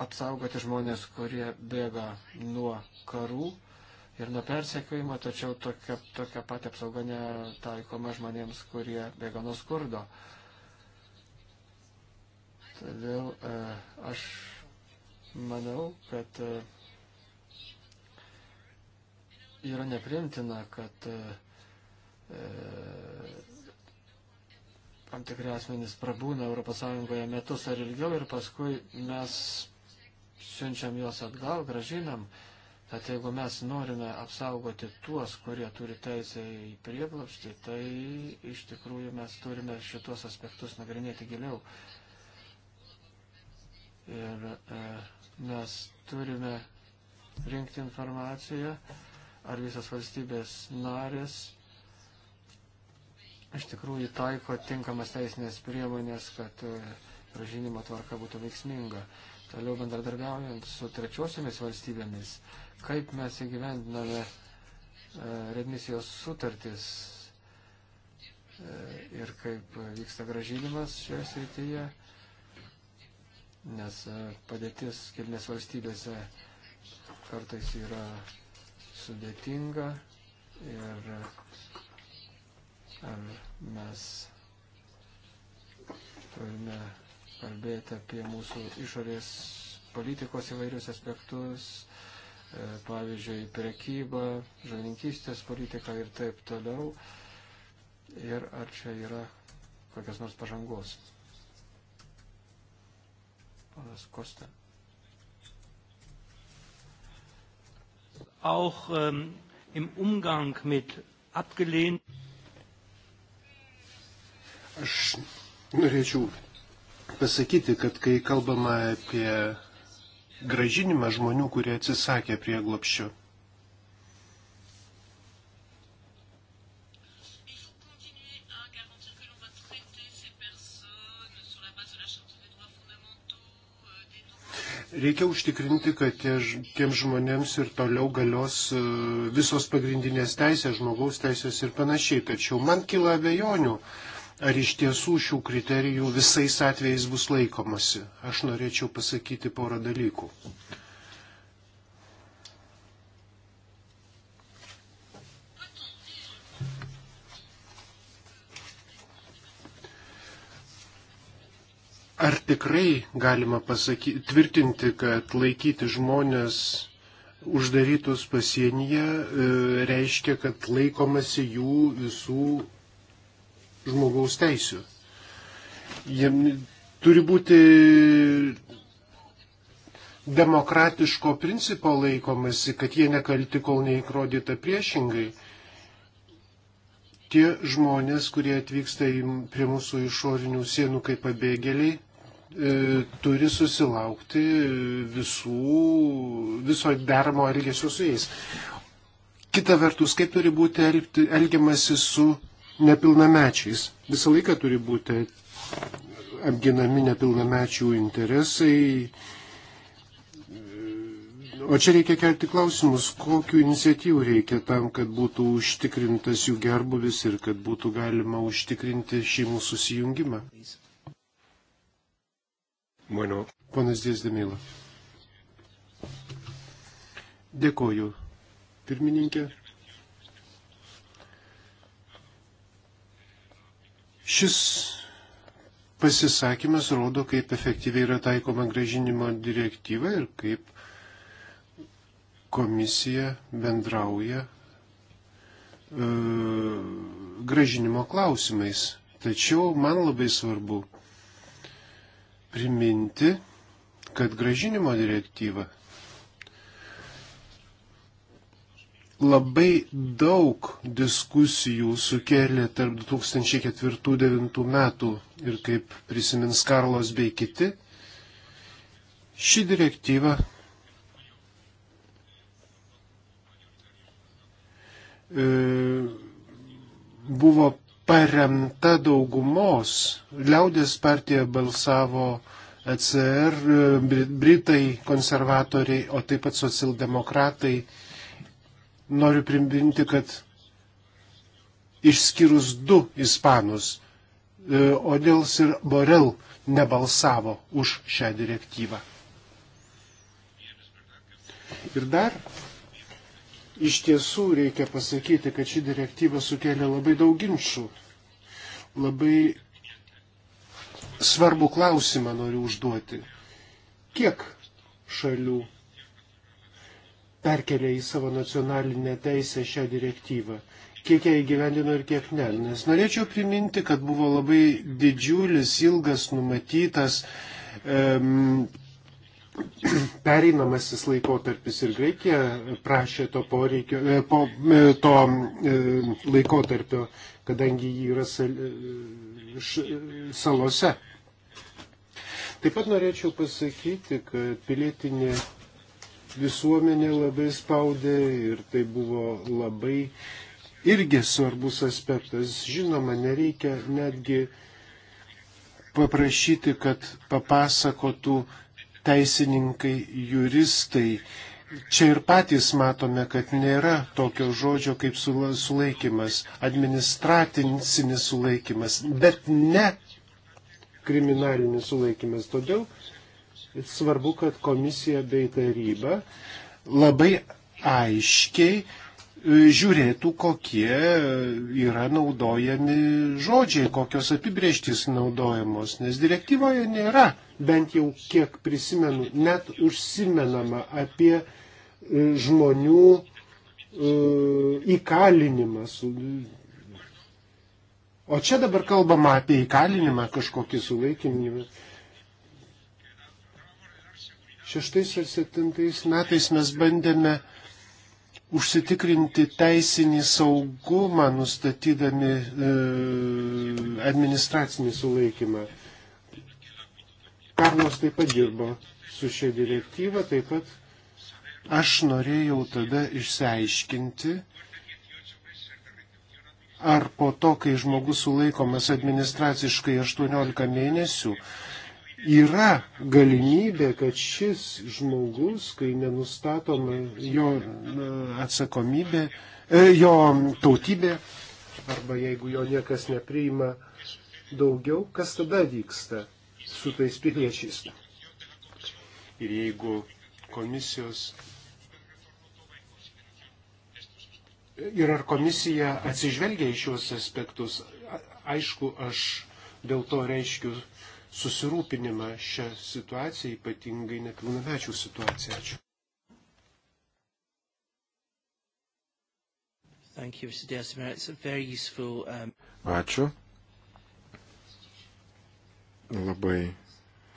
apsaugoti žmonės, kurie bėga nuo karų ir nuo persekiojimo, tačiau tokia, tokia pati apsauga netaikoma žmonėms, kurie bėga nuo skurdo. Todėl e, aš manau, kad e, yra neprimtina, kad e, e, tam tikri asmenys prabūna ES metus ar ilgiau ir paskui mes siunčiam juos atgal, gražinam. Tad jeigu mes norime apsaugoti tuos, kurie turi teisę į prieglapštį, tai iš tikrųjų mes turime šitos aspektus nagrinėti giliau. Ir e, mes turime rinkti informaciją. E, ar visas valstybės narės iš tikrųjų taiko tinkamas teisinės priemonės, kad e, gražinimo tvarka būtų veiksminga. Toliau bendradarbiaujant su trečiosiomis valstybėmis, kaip mes įgyvendiname e, redmisijos sutartis e, ir kaip vyksta gražinimas šioje srityje, nes padėtis kilmės valstybėse kartais yra sudėtinga ir ar mes turime kalbėti apie mūsų išorės politikos įvairius aspektus, e, pavyzdžiui, prekybą, žalininkystės politiką ir taip toliau. Ir ar čia yra kokios nors pažangos. Panas Kostas. auch ähm, im Umgang mit abgelehnt. Aš norėčiau pasakyti, kad kai kalbama apie gražinimą žmonių, kurie atsisakė prieglopščio, Reikia užtikrinti, kad tie, tiem žmonėms ir toliau galios e, visos pagrindinės teisės, žmogaus teisės ir panašiai. Tačiau man kyla abejonių, ar iš tiesų šių kriterijų visais atvejais bus laikomasi. Aš norėčiau pasakyti porą dalykų. Ar tikrai galima pasakyti, tvirtinti, kad laikyti žmonės uždarytus pasienyje e, reiškia, kad laikomasi jų visų žmogaus teisių? Jiem turi būti demokratiško principo laikomasi, kad jie nekalti, kol neįrodyta priešingai. Tie žmonės, kurie atvyksta į, prie mūsų išorinių sienų kaip pabėgėliai, E, turi susilaukti visų, viso deramo elgesio su jais. Kita vertus, kaip turi būti elgti, elgiamasi su nepilnamečiais. Visą laiką turi būti apginami nepilnamečių interesai. O čia reikia kelti klausimus, kokiu iniciatyvu reikia tam, kad būtų užtikrintas jų gerbuvis ir kad būtų galima užtikrinti šeimų susijungimą. Please. Bueno. Ponas Dėsdemila. Dėkoju, pirmininkė. Šis pasisakymas rodo, kaip efektyviai yra taikoma gražinimo direktyva ir kaip komisija bendrauja e, gražinimo klausimais. Tačiau man labai svarbu, priminti, kad gražinimo direktyva labai daug diskusijų sukėlė tarp 2004-2009 metų ir kaip prisimins Karlos bei kiti, ši direktyva e, buvo paremta daugumos. Liaudės partija balsavo ECR, Britai, konservatoriai, o taip pat socialdemokratai. Noriu priminti, kad išskyrus du ispanus, e, Odils ir Borel nebalsavo už šią direktyvą. Ir dar Iš tiesų reikia pasakyti, kad ši direktyva sukėlė labai daug ginčių. Labai svarbų klausimą noriu užduoti. Kiek šalių perkelia į savo nacionalinę teisę šią direktyvą? Kiek ją įgyvendino ir kiek ne? Nes norėčiau priminti, kad buvo labai didžiulis, ilgas, numatytas um, e, pereinamasis laikotarpis ir Graikija prašė to, poreikio, e, po, e, to e, laikotarpio, kadangi jį yra sal, š, salose. Taip pat norėčiau pasakyti, kad pilietinė visuomenė labai spaudė ir tai buvo labai irgi svarbus aspektas. Žinoma, nereikia netgi paprašyti, kad papasakotų teisininkai, juristai. Čia ir patys matome, kad nėra tokio žodžio kaip sulaikimas, administracinis sulaikimas, bet ne kriminalinis sulaikimas. Todėl svarbu, kad komisija bei taryba labai aiškiai žiūrėtų, kokie yra naudojami žodžiai, kokios apibrieštys naudojamos, nes direktyvoje nėra, bent jau kiek prisimenu, net užsimenama apie e, žmonių e, įkalinimą. O čia dabar kalbama apie įkalinimą, kažkokį sulaikinimą. Šeštais ar septintais metais mes bandėme uh, užsitikrinti teisinį saugumą, nustatydami e, administracinį sulaikymą. Karlos taip pat dirbo su šia direktyva, taip pat aš norėjau tada išsiaiškinti, ar po to, kai žmogus sulaikomas administraciškai 18 mėnesių, yra galimybė, kad šis žmogus, kai nenustatoma jo e, atsakomybė, e, jo tautybė, arba jeigu jo niekas nepriima daugiau, kas tada vyksta su tais piliečiais. Ir jeigu komisijos. Ir ar komisija atsižvelgia į šios aspektus? Aišku, aš dėl to reiškiu susirūpinimą šią situaciją, ypatingai nepilnamečių situaciją. Ačiū. Thank you, Mr. Diasmer. It's a very useful. Um... Ačiū. Labai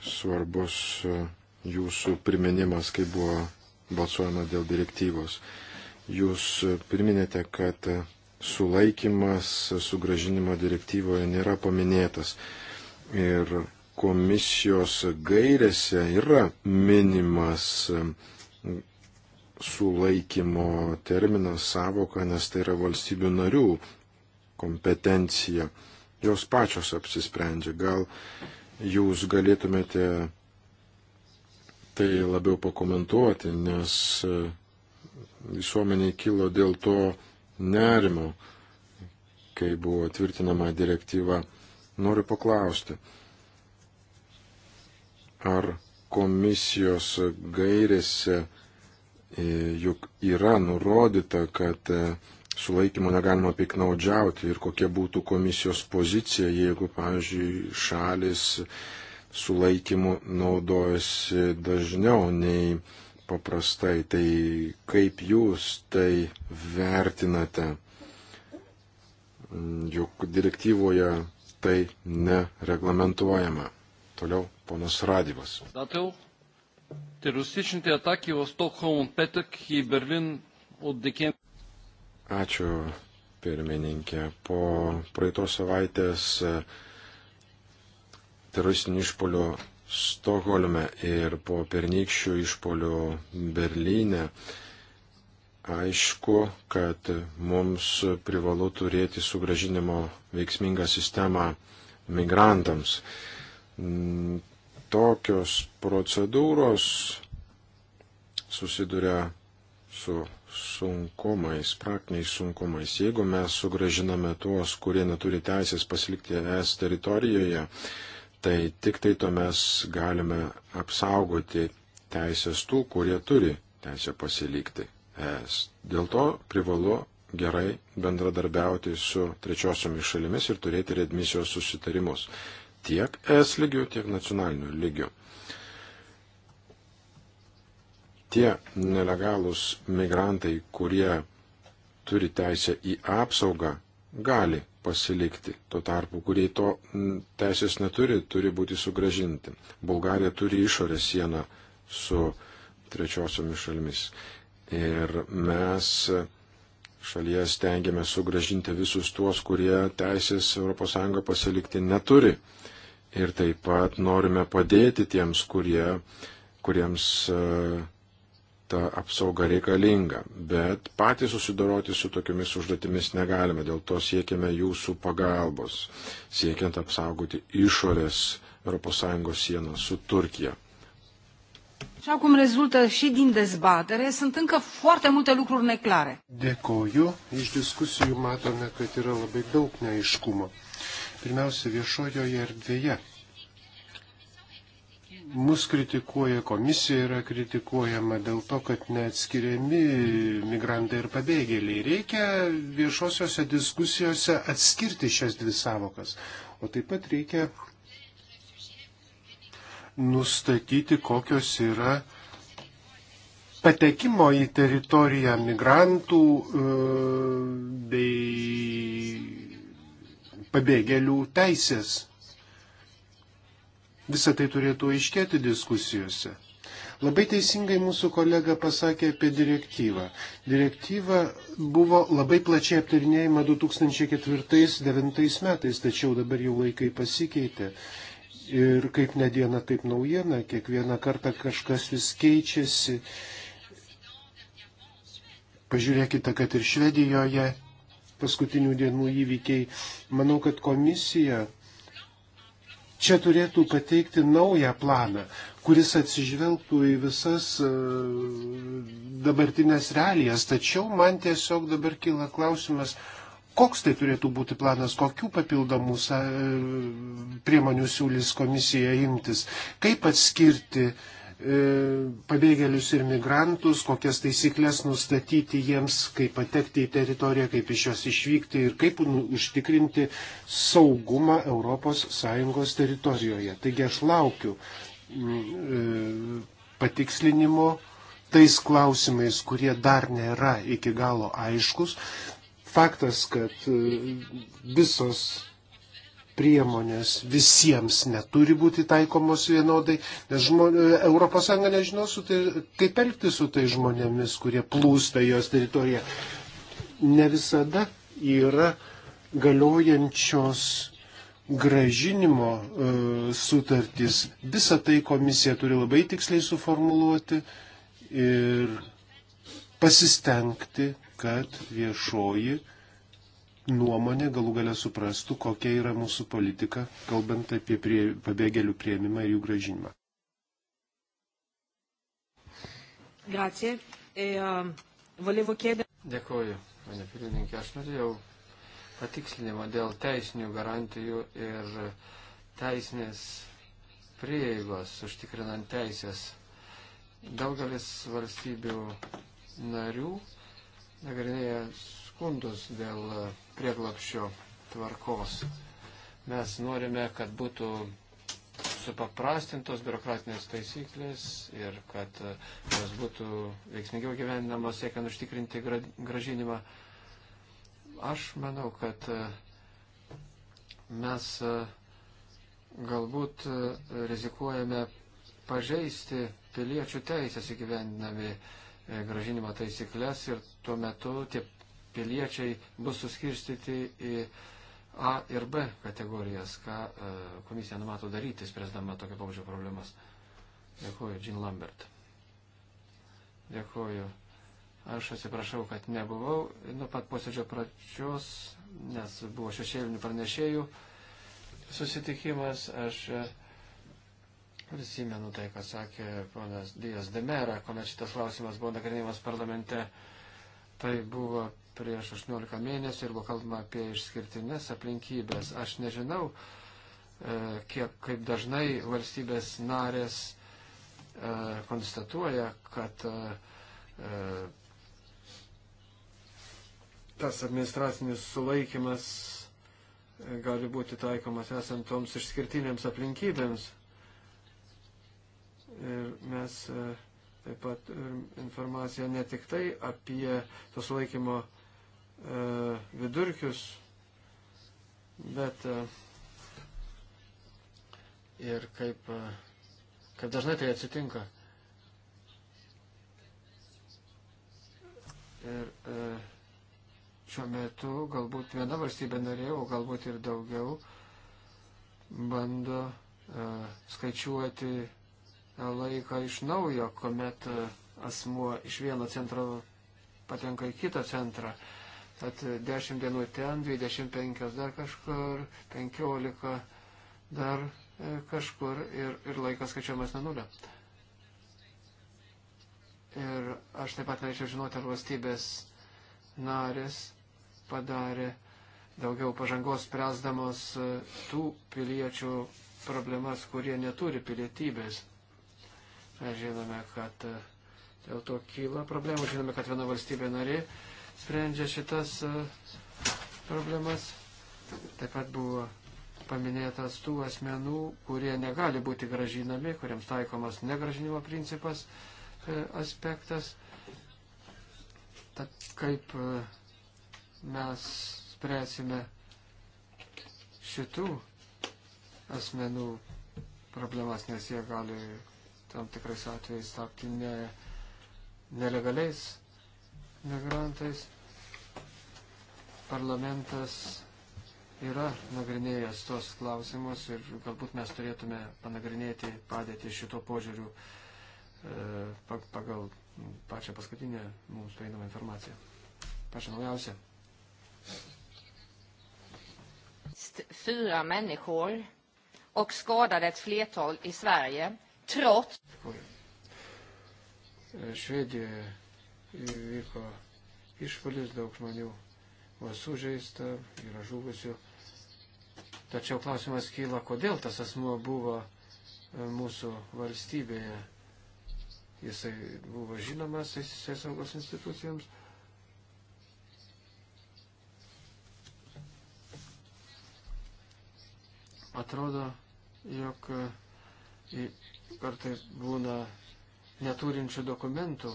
svarbus uh, jūsų priminimas, kai buvo balsuojama dėl direktyvos. Jūs uh, priminėte, kad uh, sulaikimas sugražinimo direktyvoje nėra paminėtas. Ir komisijos gairėse yra minimas sulaikymo terminas savoka, nes tai yra valstybių narių kompetencija. Jos pačios apsisprendžia. Gal jūs galėtumėte tai labiau pakomentuoti, nes e, visuomeniai kilo dėl to nerimo, kai buvo tvirtinama direktyva. Noriu paklausti, ar komisijos gairėse e, juk yra nurodyta, kad e, sulaikymo negalima piknaudžiauti ir kokia būtų komisijos pozicija, jeigu, pavyzdžiui, šalis sulaikymu naudojasi dažniau nei paprastai. Tai kaip jūs tai vertinate? Juk direktyvoje tai nereglamentuojama. Toliau ponas Radivas. Ačiū pirmininkė. Po praeitos savaitės e, teroristinių išpolių Stokholme ir po pernykščių išpolių Berlyne aišku, kad mums privalu turėti sugražinimo veiksmingą sistemą migrantams. Mm, tokios procedūros susiduria su sunkumais, praktiniais sunkumais. Jeigu mes sugražiname tuos, kurie neturi teisės pasilikti ES teritorijoje, tai tik tai to mes galime apsaugoti teisės tų, kurie turi teisę pasilikti ES. Dėl to privalu gerai bendradarbiauti su trečiosiomis šalimis ir turėti redmisijos susitarimus tiek es lygių, tiek nacionalinių lygių. Tie nelegalūs migrantai, kurie turi teisę į apsaugą, gali pasilikti. Tuo tarpu, kurie to teisės neturi, turi būti sugražinti. Bulgarija turi išorę sieną su trečiosiomis šalimis. Ir mes šalyje stengiame sugražinti visus tuos, kurie teisės ES pasilikti neturi. Ir taip pat norime padėti tiems, kurie, kuriems e, ta apsauga reikalinga. Bet patys susidoroti su tokiamis užduotimis negalime, dėl to siekime jūsų pagalbos, siekiant apsaugoti išorės ES sieną su Turkija. Așa cum rezultă și din dezbatere, sunt încă foarte multe lucruri neclare. Dėkoju. Iš diskusijų matome, kad yra labai daug neaiškumo. Pirmiausia, viešojoje erdvėje. Mus kritikuoja komisija, yra kritikuojama dėl to, kad neatskiriami migrantai ir pabėgėliai. Reikia viešosiose diskusijose atskirti šias dvi savokas. O taip pat reikia nustatyti, kokios yra patekimo į teritoriją migrantų e, bei pabėgėlių teisės. Visą tai turėtų aiškėti diskusijose. Labai teisingai mūsų kolega pasakė apie direktyvą. Direktyva buvo labai plačiai aptarinėjama 2004-2009 metais, tačiau dabar jau laikai pasikeitė. Ir kaip ne diena, taip naujiena, kiekvieną kartą kažkas vis keičiasi. Pažiūrėkite, kad ir Švedijoje paskutinių dienų įvykiai. Manau, kad komisija čia turėtų pateikti naują planą, kuris atsižvelgtų į visas e, dabartinės realijas. Tačiau man tiesiog dabar kyla klausimas, Koks tai turėtų būti planas, kokių papildomų e, priemonių siūlys komisija imtis, kaip atskirti e, pabėgėlius ir migrantus, kokias taisyklės nustatyti jiems, kaip patekti į teritoriją, kaip iš jos išvykti ir kaip nu, užtikrinti saugumą ES teritorijoje. Taigi aš laukiu mm, e, patikslinimo tais klausimais, kurie dar nėra iki galo aiškus, Faktas, kad e, visos priemonės visiems neturi būti taikomos vienodai, nes žmon... ES nežinos, tai, kaip elgti su tai žmonėmis, kurie plūsta jos teritoriją. Ne visada yra galiojančios gražinimo e, sutartys. Visą tai komisija turi labai tiksliai suformuluoti ir pasistengti, kad viešoji nuomonė galų galę suprastų, kokia yra mūsų politika, kalbant apie prie, pabėgėlių prieimimą ir jų gražinimą. Grazie. E, um, volevo chiedere. Dėkuoju, mane pirmininkė. Aš norėjau patikslinimo dėl teisinių garantijų ir teisinės prieigos užtikrinant teisės. Daugelis valstybių narių nagrinėja skundus dėl prieglapščio tvarkos. Mes norime, kad būtų supaprastintos biurokratinės taisyklės ir kad e, jos būtų veiksmingiau gyvendinamos, siekiant užtikrinti gražinimą. Aš manau, kad e, mes e, galbūt rizikuojame pažeisti piliečių teisės įgyvendinami E, gražinimo taisyklės ir tuo metu tie piliečiai bus suskirstyti į A ir B kategorijas, ką e, komisija numato daryti, spręsdama tokio pabudžio problemas. Dėkuoju, Jean Lambert. Dėkuoju. Aš atsiprašau, kad nebuvau nuo pat posėdžio pradžios, nes buvo šešėlinių pranešėjų susitikimas. Aš e, Prisimenu tai, ką sakė ponas Dijas Demera, kuomet šitas klausimas buvo nagrinėjimas parlamente. Tai buvo prieš 18 mėnesių ir buvo kalbama apie išskirtinės aplinkybės. Aš nežinau, e, kiek, kaip dažnai valstybės narės e, konstatuoja, kad e, tas administracinis sulaikimas gali būti taikomas esant toms išskirtinėms aplinkybėms. Ir mes e, taip pat turim informaciją ne tik tai apie tos laikymo e, vidurkius, bet e, ir kaip, kaip dažnai tai atsitinka. Ir e, šiuo metu galbūt viena valstybė narė, o galbūt ir daugiau, bando e, skaičiuoti laiką iš naujo, kuomet e, asmuo iš vieno centro patenka į kitą centrą. Tad 10 dienų ten, 25 dar kažkur, 15 dar e, kažkur ir, ir laikas skaičiuojamas nuo nulio. Ir aš taip pat norėčiau žinoti, ar valstybės narės padarė daugiau pažangos spręsdamos e, tų piliečių problemas, kurie neturi pilietybės. Mes žinome, kad e, dėl to kyla problemų. Žinome, kad viena valstybė narė sprendžia šitas e, problemas. Taip pat buvo paminėtas tų asmenų, kurie negali būti gražinami, kuriems taikomas negražinimo principas e, aspektas. Tad kaip mes spręsime šitų asmenų problemas, nes jie gali tam tikrais atvejais tapti ne, nelegaliais migrantais. Parlamentas yra nagrinėjęs tos klausimus ir galbūt mes turėtume panagrinėti padėti šito požiūriu e, pagal pačią paskutinę mums prieinamą informaciją. Pačią naujausią. Fyra människor och skadade ett flertal i Sverige trots. Švedijoje vyko išvalis, daug žmonių buvo sužeista, yra žuvusių. Tačiau klausimas kyla, kodėl tas asmuo buvo e, mūsų valstybėje. Jisai buvo žinomas teisės saugos institucijoms. Atrodo, jog į e, kartais būna neturinčių dokumentų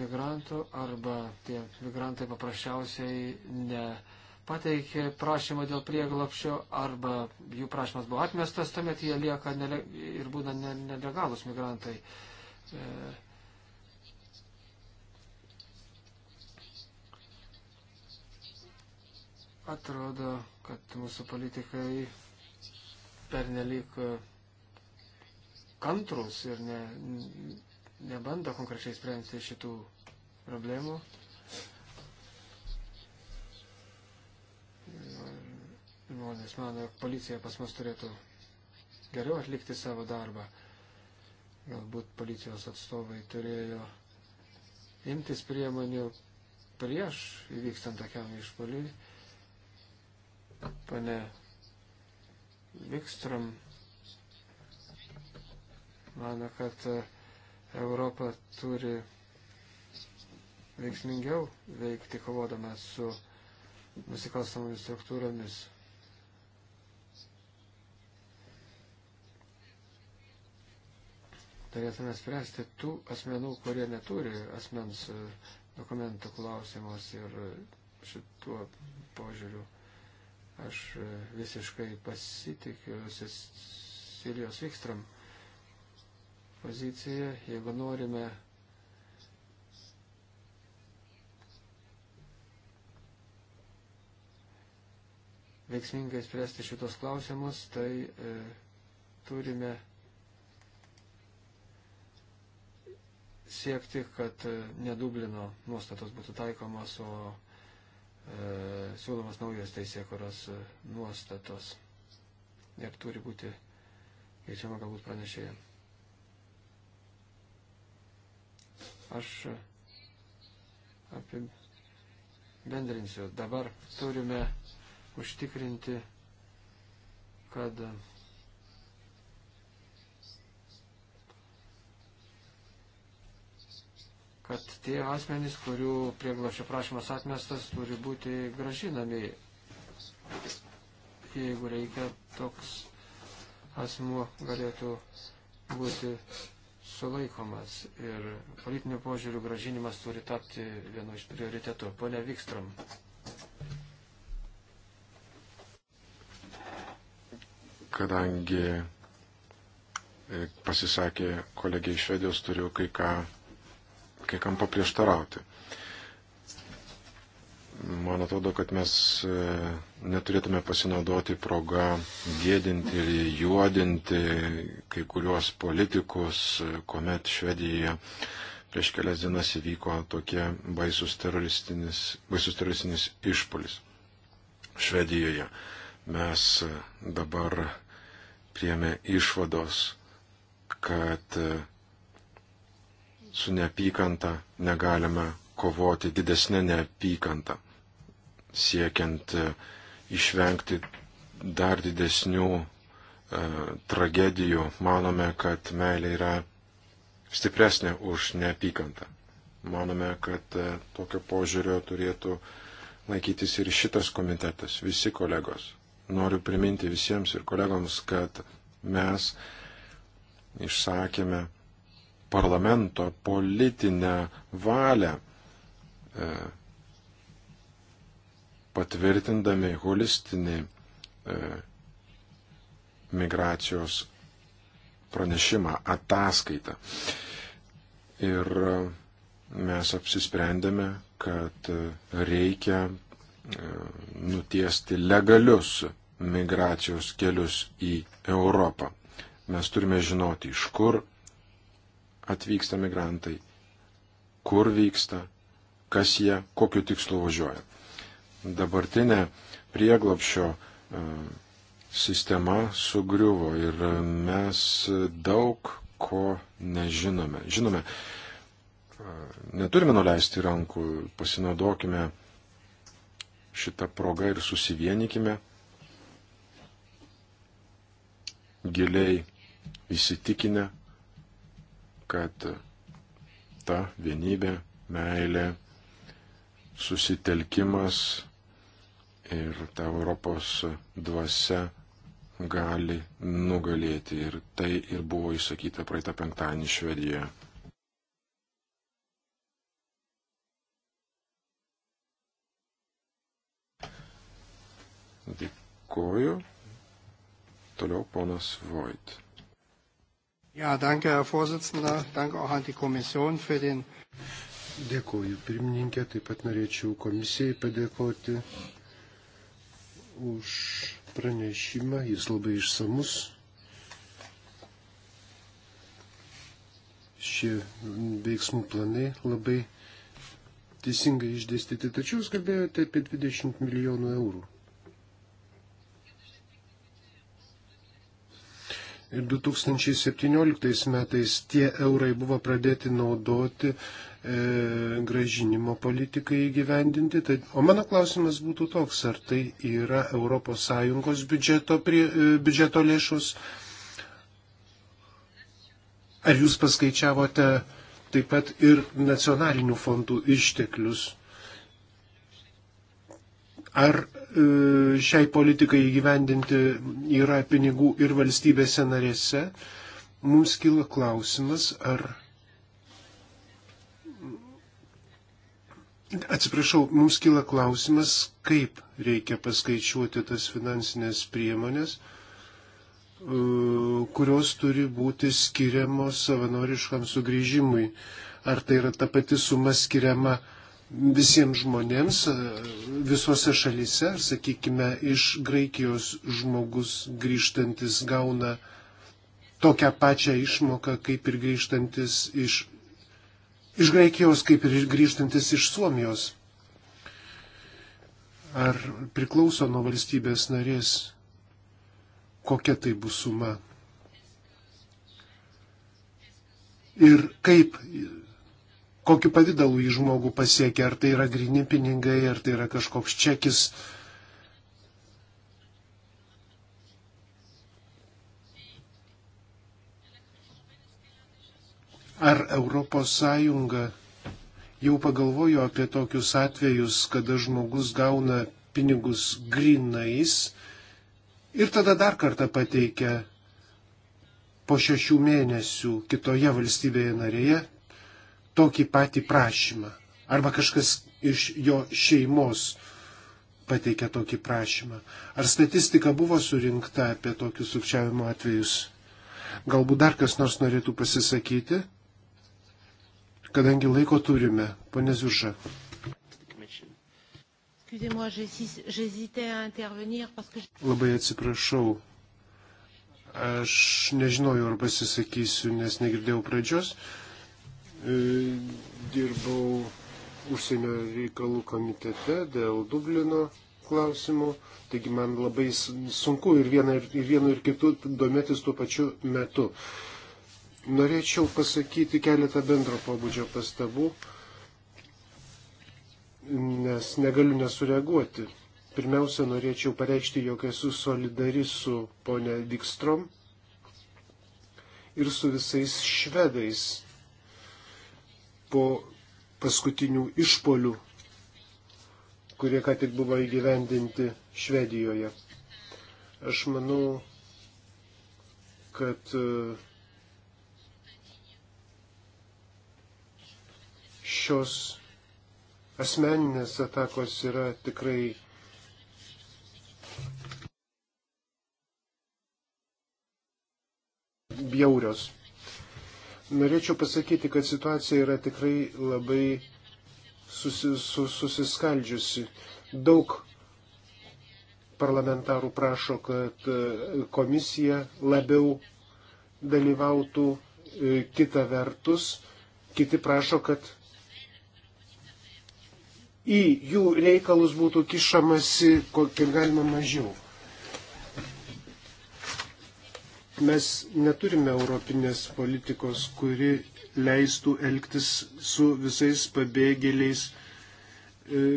migrantų arba tie migrantai paprasčiausiai nepateikė prašymą dėl prieglapščio arba jų prašymas buvo atmestas, tuomet jie lieka nele, ir būna nelegalus migrantai. E, atrodo, kad mūsų politikai pernelyg kantrus ir ne, nebando konkrečiai spręsti šitų problemų. Žmonės mano, jog policija pas mus turėtų geriau atlikti savo darbą. Galbūt policijos atstovai turėjo imtis priemonių prieš įvykstant tokiam išpoliui. Pane Vikstrom mano, kad e, Europa turi veiksmingiau veikti kovodama su nusikalstamomis struktūromis. Turėtume spręsti tų asmenų, kurie neturi asmens e, dokumentų klausimus ir šituo požiūriu aš e, visiškai pasitikiu Cecilijos Vikstram poziciją, jeigu norime veiksmingai spręsti šitos klausimus, tai e, turime siekti, kad e, ne Dublino nuostatos būtų taikomos, o e, siūlomas naujos teisėkuros e, nuostatos ir turi būti keičiama galbūt pranešėjai. Aš apibendrinsiu. Dabar turime užtikrinti, kad kad tie asmenys, kurių prieglašio prašymas atmestas, turi būti gražinami. Jeigu reikia, toks asmuo galėtų būti sulaikomas ir politinių požiūrių gražinimas turi tapti vienu iš prioritetų. Pone Vikstrom. Kadangi e, pasisakė kolegė iš Švedijos, turiu kai, ką, kai kam paprieštarauti man atrodo, kad mes e, neturėtume pasinaudoti progą gėdinti ir juodinti kai kuriuos politikus, e, kuomet Švedijoje prieš kelias dienas įvyko tokie baisus teroristinis, baisus teroristinis išpolis Švedijoje. Mes e, dabar priemė išvados, kad su neapykanta negalime kovoti didesnė neapykanta siekiant e, išvengti dar didesnių e, tragedijų, manome, kad meilė yra stipresnė už neapykantą. Manome, kad e, tokio požiūrio turėtų laikytis ir šitas komitetas, visi kolegos. Noriu priminti visiems ir kolegoms, kad mes išsakėme parlamento politinę valią e, patvirtindami holistinį e, migracijos pranešimą, ataskaitą. Ir e, mes apsisprendėme, kad e, reikia e, nutiesti legalius migracijos kelius į Europą. Mes turime žinoti, iš kur atvyksta migrantai, kur vyksta, kas jie, kokiu tikslu važiuoja dabartinė prieglopšio e, sistema sugriuvo ir mes daug ko nežinome. Žinome, e, neturime nuleisti rankų, pasinaudokime šitą progą ir susivienikime giliai įsitikinę, kad ta vienybė, meilė, susitelkimas ir ta Europos dvasia gali nugalėti. Ir tai ir buvo įsakyta praeitą penktadienį Švedijoje. Dėkoju. Toliau ponas Voit. Ja, danke, Herr Vorsitzender. Danke auch an die Kommission für den. Dėkoju, pirmininkė. Taip pat norėčiau komisijai padėkoti už pranešimą, jis labai išsamus. Šie veiksmų planai labai teisingai išdėstyti, tačiau jūs kalbėjote apie 20 milijonų eurų. Ir 2017 metais tie eurai buvo pradėti naudoti uh, E, gražinimo politikai įgyvendinti. Tai, o mano klausimas būtų toks, ar tai yra ES biudžeto, prie, e, biudžeto lėšos? Ar jūs paskaičiavote taip pat ir nacionalinių fondų išteklius? Ar e, šiai politikai įgyvendinti yra pinigų ir valstybėse narėse? Mums kyla klausimas, ar Atsiprašau, mums kyla klausimas, kaip reikia paskaičiuoti tas finansinės priemonės, e, kurios turi būti skiriamos savanoriškam sugrįžimui. Ar tai yra ta pati suma skiriama visiems žmonėms e, visose šalyse, ar sakykime, iš Graikijos žmogus grįžtantis gauna tokią pačią išmoką, kaip ir grįžtantis iš iš Graikijos, kaip ir grįžtantis iš Suomijos. Ar priklauso nuo valstybės narės, kokia tai bus suma? Ir kaip, kokiu pavydalu į žmogų pasiekia, ar tai yra grini pinigai, ar tai yra kažkoks čekis, uh, Ar ES jau pagalvojo apie tokius atvejus, kada žmogus gauna pinigus grinais ir tada dar kartą pateikia po šešių mėnesių kitoje valstybėje narėje tokį patį prašymą. Arba kažkas iš jo šeimos pateikia tokį prašymą. Ar statistika buvo surinkta apie tokius sukčiavimo atvejus? Galbūt dar kas nors norėtų pasisakyti? kadangi laiko turime. Pane Ziuža. Labai atsiprašau. Aš nežinojau, ar pasisakysiu, nes negirdėjau pradžios. E, dirbau užsienio reikalų komitete dėl Dublino klausimų. Taigi man labai sunku ir vienu ir, ir, vienu, ir kitu domėtis tuo pačiu metu. Uh, Norėčiau pasakyti keletą bendro pobūdžio pastabų, nes negaliu nesureaguoti. Pirmiausia, norėčiau pareikšti, jog esu solidari su ponė Dikstrom ir su visais švedais po paskutinių išpolių, kurie ką tik buvo įgyvendinti Švedijoje. Aš manau, kad uh, šios asmeninės atakos yra tikrai bjaurios. Norėčiau pasakyti, kad situacija yra tikrai labai susi, su, susiskaldžiusi. Daug parlamentarų prašo, kad e, komisija labiau dalyvautų, e, kita vertus, kiti prašo, kad į jų reikalus būtų kišamasi kaip galima mažiau. Mes neturime europinės politikos, kuri leistų elgtis su visais pabėgėliais e,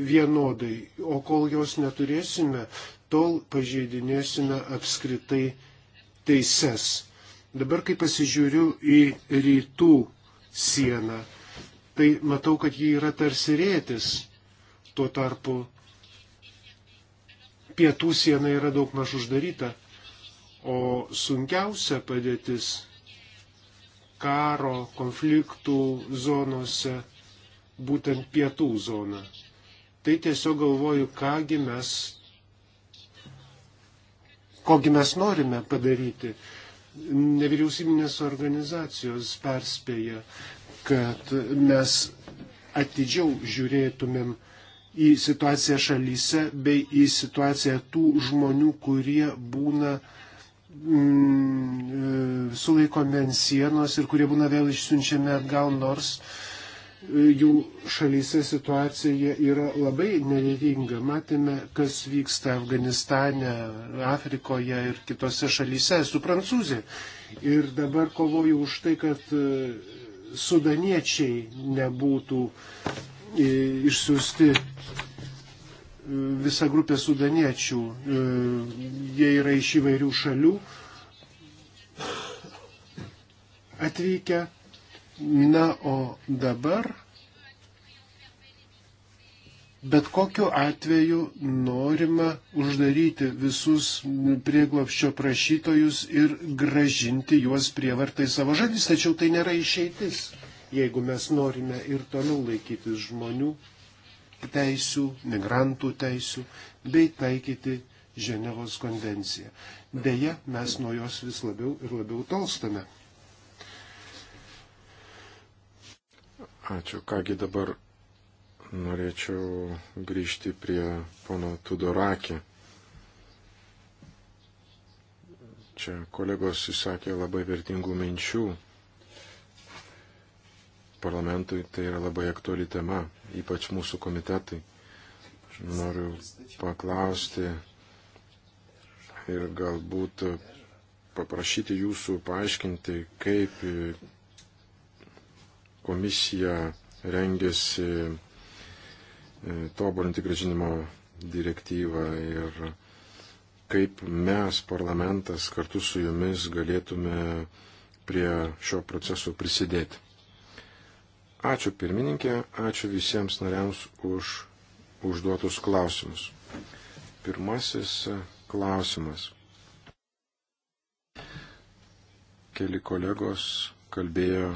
vienodai. O kol jos neturėsime, tol pažeidinėsime apskritai teises. Dabar, kai pasižiūriu į rytų sieną, tai matau, kad ji yra tarsi rėtis Tuo tarpu pietų siena yra daug maž uždaryta, o sunkiausia padėtis karo, konfliktų zonose, būtent pietų zona. Tai tiesiog galvoju, kągi mes, kogi mes norime padaryti. Nevyriausybinės organizacijos perspėja, kad mes atidžiau žiūrėtumėm į situaciją šalyse bei į situaciją tų žmonių, kurie būna mm, e, sulaikomi ant sienos ir kurie būna vėl išsiunčiami atgal, nors e, jų šalyse situacija yra labai nereitinga. Matėme, kas vyksta Afganistane, Afrikoje ir kitose šalyse. Esu prancūzė ir dabar kovoju už tai, kad e, sudaniečiai nebūtų išsiųsti e, visa grupė sudaniečių. E, jie yra iš įvairių šalių atvykę. Na, o dabar bet kokiu atveju norima uždaryti visus prieglopščio prašytojus ir gražinti juos prievartai savo žadis, tačiau tai nėra išeitis jeigu mes norime ir toliau laikytis žmonių teisių, migrantų teisių bei taikyti Ženevos konvenciją. Deja, mes nuo jos vis labiau ir labiau tolstame. Ačiū. Kągi dabar norėčiau grįžti prie pono Tudorakį. Čia kolegos įsakė labai vertingų minčių parlamentui tai yra labai aktuali tema, ypač mūsų komitetui. Noriu paklausti ir galbūt paprašyti jūsų paaiškinti, kaip komisija rengėsi e, tobulinti gražinimo direktyvą ir kaip mes, parlamentas, kartu su jumis galėtume prie šio proceso prisidėti. Ačiū pirmininkė, ačiū visiems nariams už užduotus klausimus. Pirmasis klausimas. Keli kolegos kalbėjo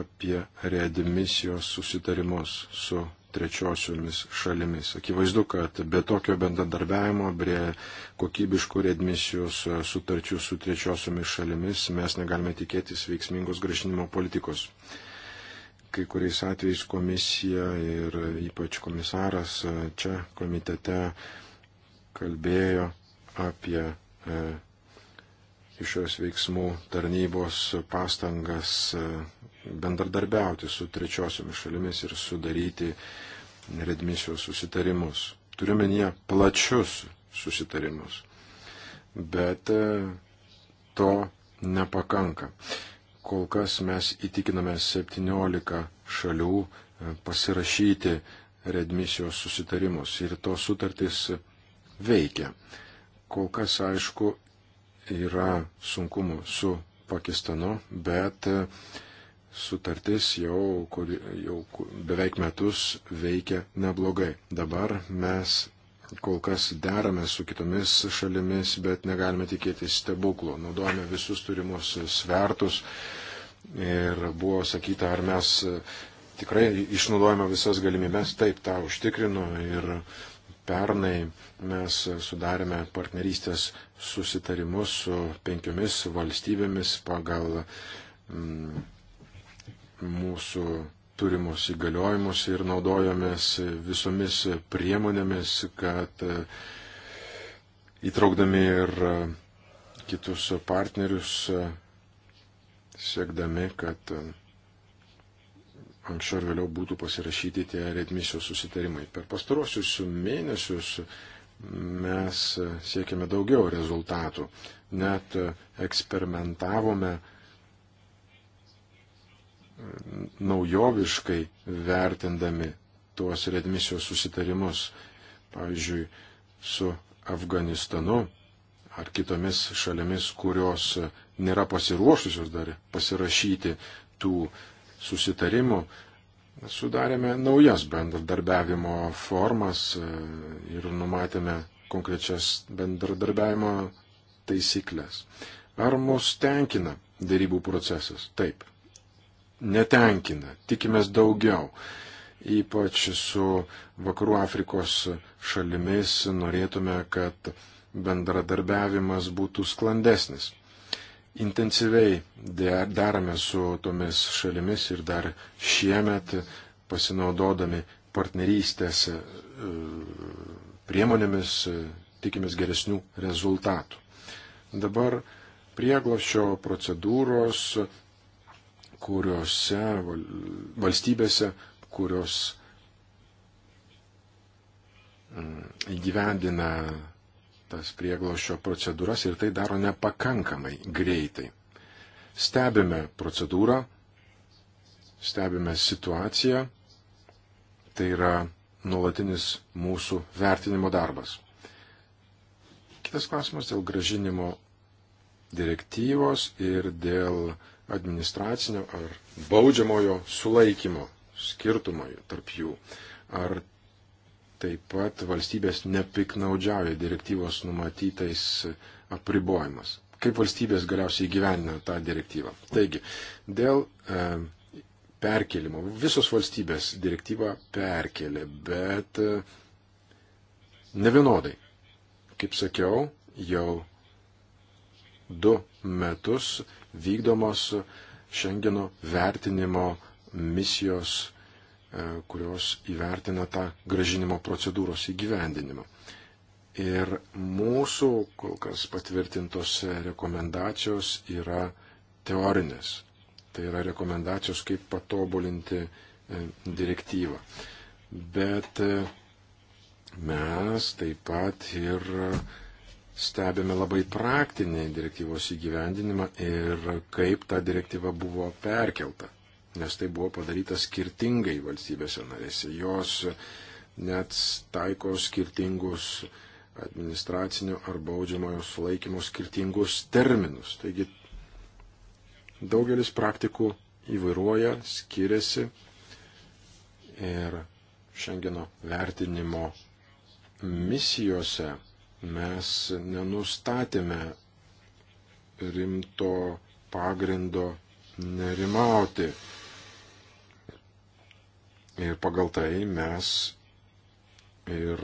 apie readmisijos susitarimus su trečiosiomis šalimis. Akivaizdu, kad be tokio bendradarbiavimo, be kokybiškų readmisijos sutarčių su trečiosiomis šalimis mes negalime tikėtis veiksmingos gražinimo politikos kai kuriais atvejais komisija ir ypač komisaras e, čia komitete kalbėjo apie e, išorės veiksmų tarnybos pastangas e, bendradarbiauti su trečiosiomis šalimis ir sudaryti redmisijos susitarimus. Turiuomenyje plačius susitarimus. Bet to nepakanka. Kol kas mes įtikiname 17 šalių e, pasirašyti redmisijos susitarimus ir tos sutartys veikia. Kol kas, aišku, yra sunkumų su Pakistanu, bet e, sutartis jau, kur, jau beveik metus veikia neblogai. Dabar mes kol kas derame su kitomis šalimis, bet negalime tikėtis stebuklų. Naudojame visus turimus svertus, Ir buvo sakyta, ar mes e, tikrai išnaudojame visas galimybes, taip tą užtikrinu. Ir pernai mes sudarėme partnerystės susitarimus su penkiomis valstybėmis pagal mm, mūsų turimus įgaliojimus ir naudojomės visomis priemonėmis, kad e, įtraukdami ir e, kitus partnerius siekdami, kad e, anksčiau ir vėliau būtų pasirašyti tie readmisijos susitarimai. Per pastarosius mėnesius mes e, siekėme daugiau rezultatų. Net e, eksperimentavome naujoviškai vertindami tuos redmisijos susitarimus, pavyzdžiui, su Afganistanu ar kitomis šalimis, kurios nėra pasiruošusios dar pasirašyti tų susitarimų, sudarėme naujas bendradarbiavimo formas e, ir numatėme konkrečias bendradarbiavimo taisyklės. Ar mus tenkina dėrybų procesas? Taip. Netenkina. Tikimės daugiau. Ypač su Vakarų Afrikos šalimis norėtume, kad bendradarbiavimas būtų sklandesnis intensyviai darome su tomis šalimis ir dar šiemet pasinaudodami partnerystės e, priemonėmis e, tikimės geresnių rezultatų. Dabar prieglošio procedūros, kuriuose valstybėse, kurios mm, įgyvendina tas prieglošio procedūras ir tai daro nepakankamai greitai. Stebime procedūrą, stebime situaciją, tai yra nuolatinis mūsų vertinimo darbas. Kitas klausimas dėl gražinimo direktyvos ir dėl administracinio ar baudžiamojo sulaikymo skirtumo tarp jų. Ar Taip pat valstybės nepiknaudžiauja direktyvos numatytais apribojimas. Kaip valstybės galiausiai įgyvenina tą direktyvą. Taigi, dėl e, perkelimo. Visos valstybės direktyvą perkelė, bet e, ne vienodai. Kaip sakiau, jau du metus vykdomos Šengeno vertinimo misijos E, kurios įvertina tą gražinimo procedūros įgyvendinimą. Ir mūsų kol kas patvirtintos rekomendacijos yra teorinės. Tai yra rekomendacijos, kaip patobulinti e, direktyvą. Bet e, mes taip pat ir stebime labai praktinį direktyvos įgyvendinimą ir kaip ta direktyva buvo perkelta nes tai buvo padaryta skirtingai valstybėse narėse. Jos net taiko skirtingus administracinio ar baudžiamojo sulaikymo skirtingus terminus. Taigi daugelis praktikų įvairuoja, skiriasi ir šiandieno vertinimo misijose mes nenustatėme rimto pagrindo nerimauti Ir pagal tai mes ir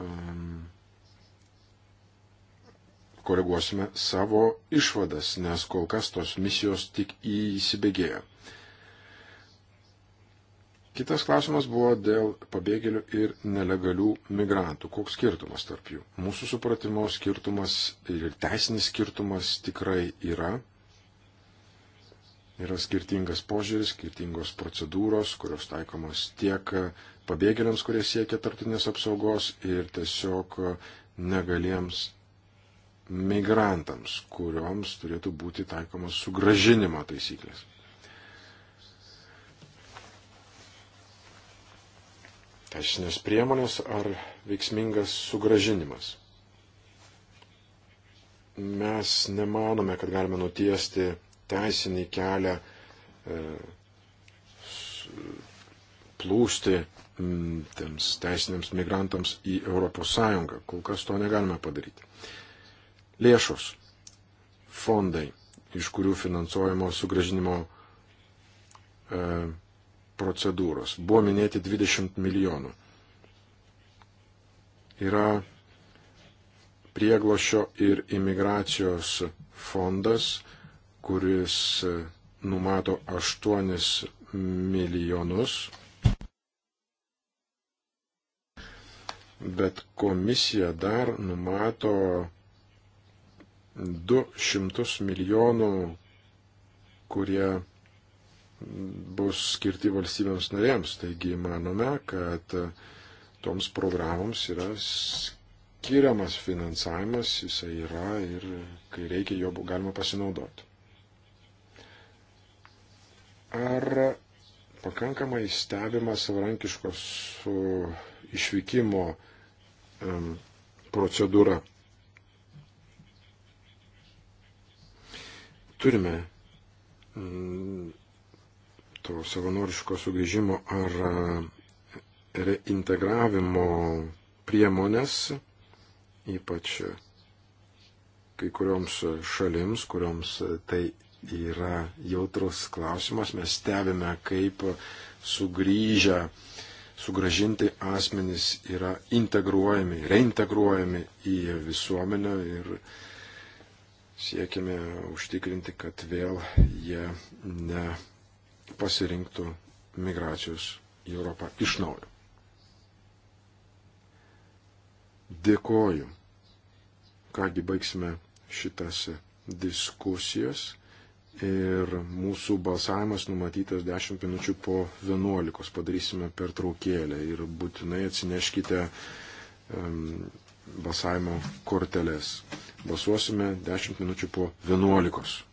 um, koreguosime savo išvadas, nes kol kas tos misijos tik įsibėgėjo. Kitas klausimas buvo dėl pabėgėlių ir nelegalių migrantų. Koks skirtumas tarp jų? Mūsų supratimo skirtumas ir teisinis skirtumas tikrai yra, yra skirtingas požiūris, skirtingos procedūros, kurios taikomos tiek pabėgėliams, kurie siekia tartinės apsaugos ir tiesiog negaliems migrantams, kurioms turėtų būti taikomas sugražinimo taisyklės. Teisinės priemonės ar veiksmingas sugražinimas. Mes nemanome, kad galime nutiesti teisinį kelią e, plūsti tiems teisiniams migrantams į ES. Kol kas to negalime padaryti. Lėšos, fondai, iš kurių finansuojamo sugražinimo e, procedūros. Buvo minėti 20 milijonų. Yra prieglošio ir imigracijos fondas, kuris e, numato 8 milijonus, bet komisija dar numato 200 milijonų, kurie bus skirti valstybėms narėms. Taigi manome, kad toms programoms yra skiriamas finansavimas, jisai yra ir kai reikia jo galima pasinaudoti ar pakankamai stebima savarankiškos išvykimo procedūra. Turime mm, to savanoriško sugrįžimo ar e, reintegravimo priemonės, ypač kai kurioms šalims, kurioms tai yra jautrus klausimas. Mes stebime, kaip sugrįžę, sugražinti asmenys yra integruojami, reintegruojami į visuomenę ir siekime užtikrinti, kad vėl jie nepasirinktų migracijos į Europą iš naujo. Dėkoju. Kągi baigsime šitas diskusijas ir mūsų balsavimas numatytas 10 minučių po 11. Padarysime per traukėlę ir būtinai atsineškite um, balsavimo korteles. Balsuosime 10 minučių po 11.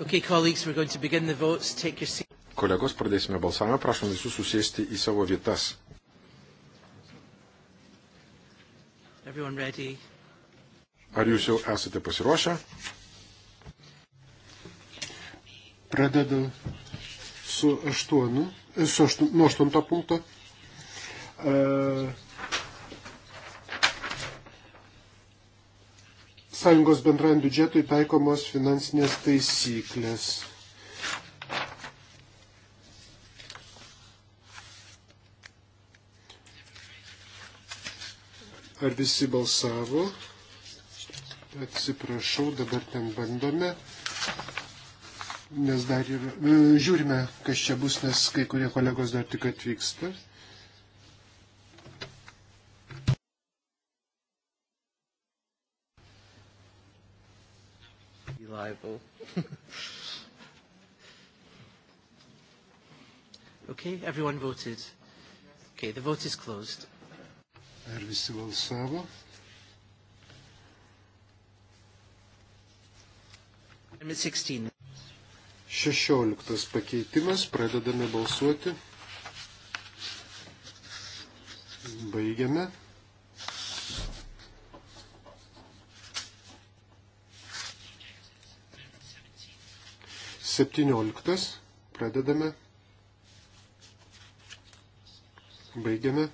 Okay, colleagues, we're going to begin the votes. Take your seat. Kolegos, pradėsime balsavimą. Prašom visus susėsti į savo vietas. Everyone ready? Ar jūs jau esate pasiruošę? Pradedu su 8, su 8, nuo 8 punkto. Uh, sąjungos bendrajam biudžetui taikomos finansinės taisyklės. Ar visi balsavo? Atsiprašau, dabar ten bandome, nes dar yra, e, žiūrime, kas čia bus, nes kai kurie kolegos dar tik atvyksta. okay, everyone voted. Okay, the vote is closed. Ar visi balsavo? Amendment 16. 16 pakeitimas, pradedame balsuoti. Baigiame. 17. Pradedame. Baigiame.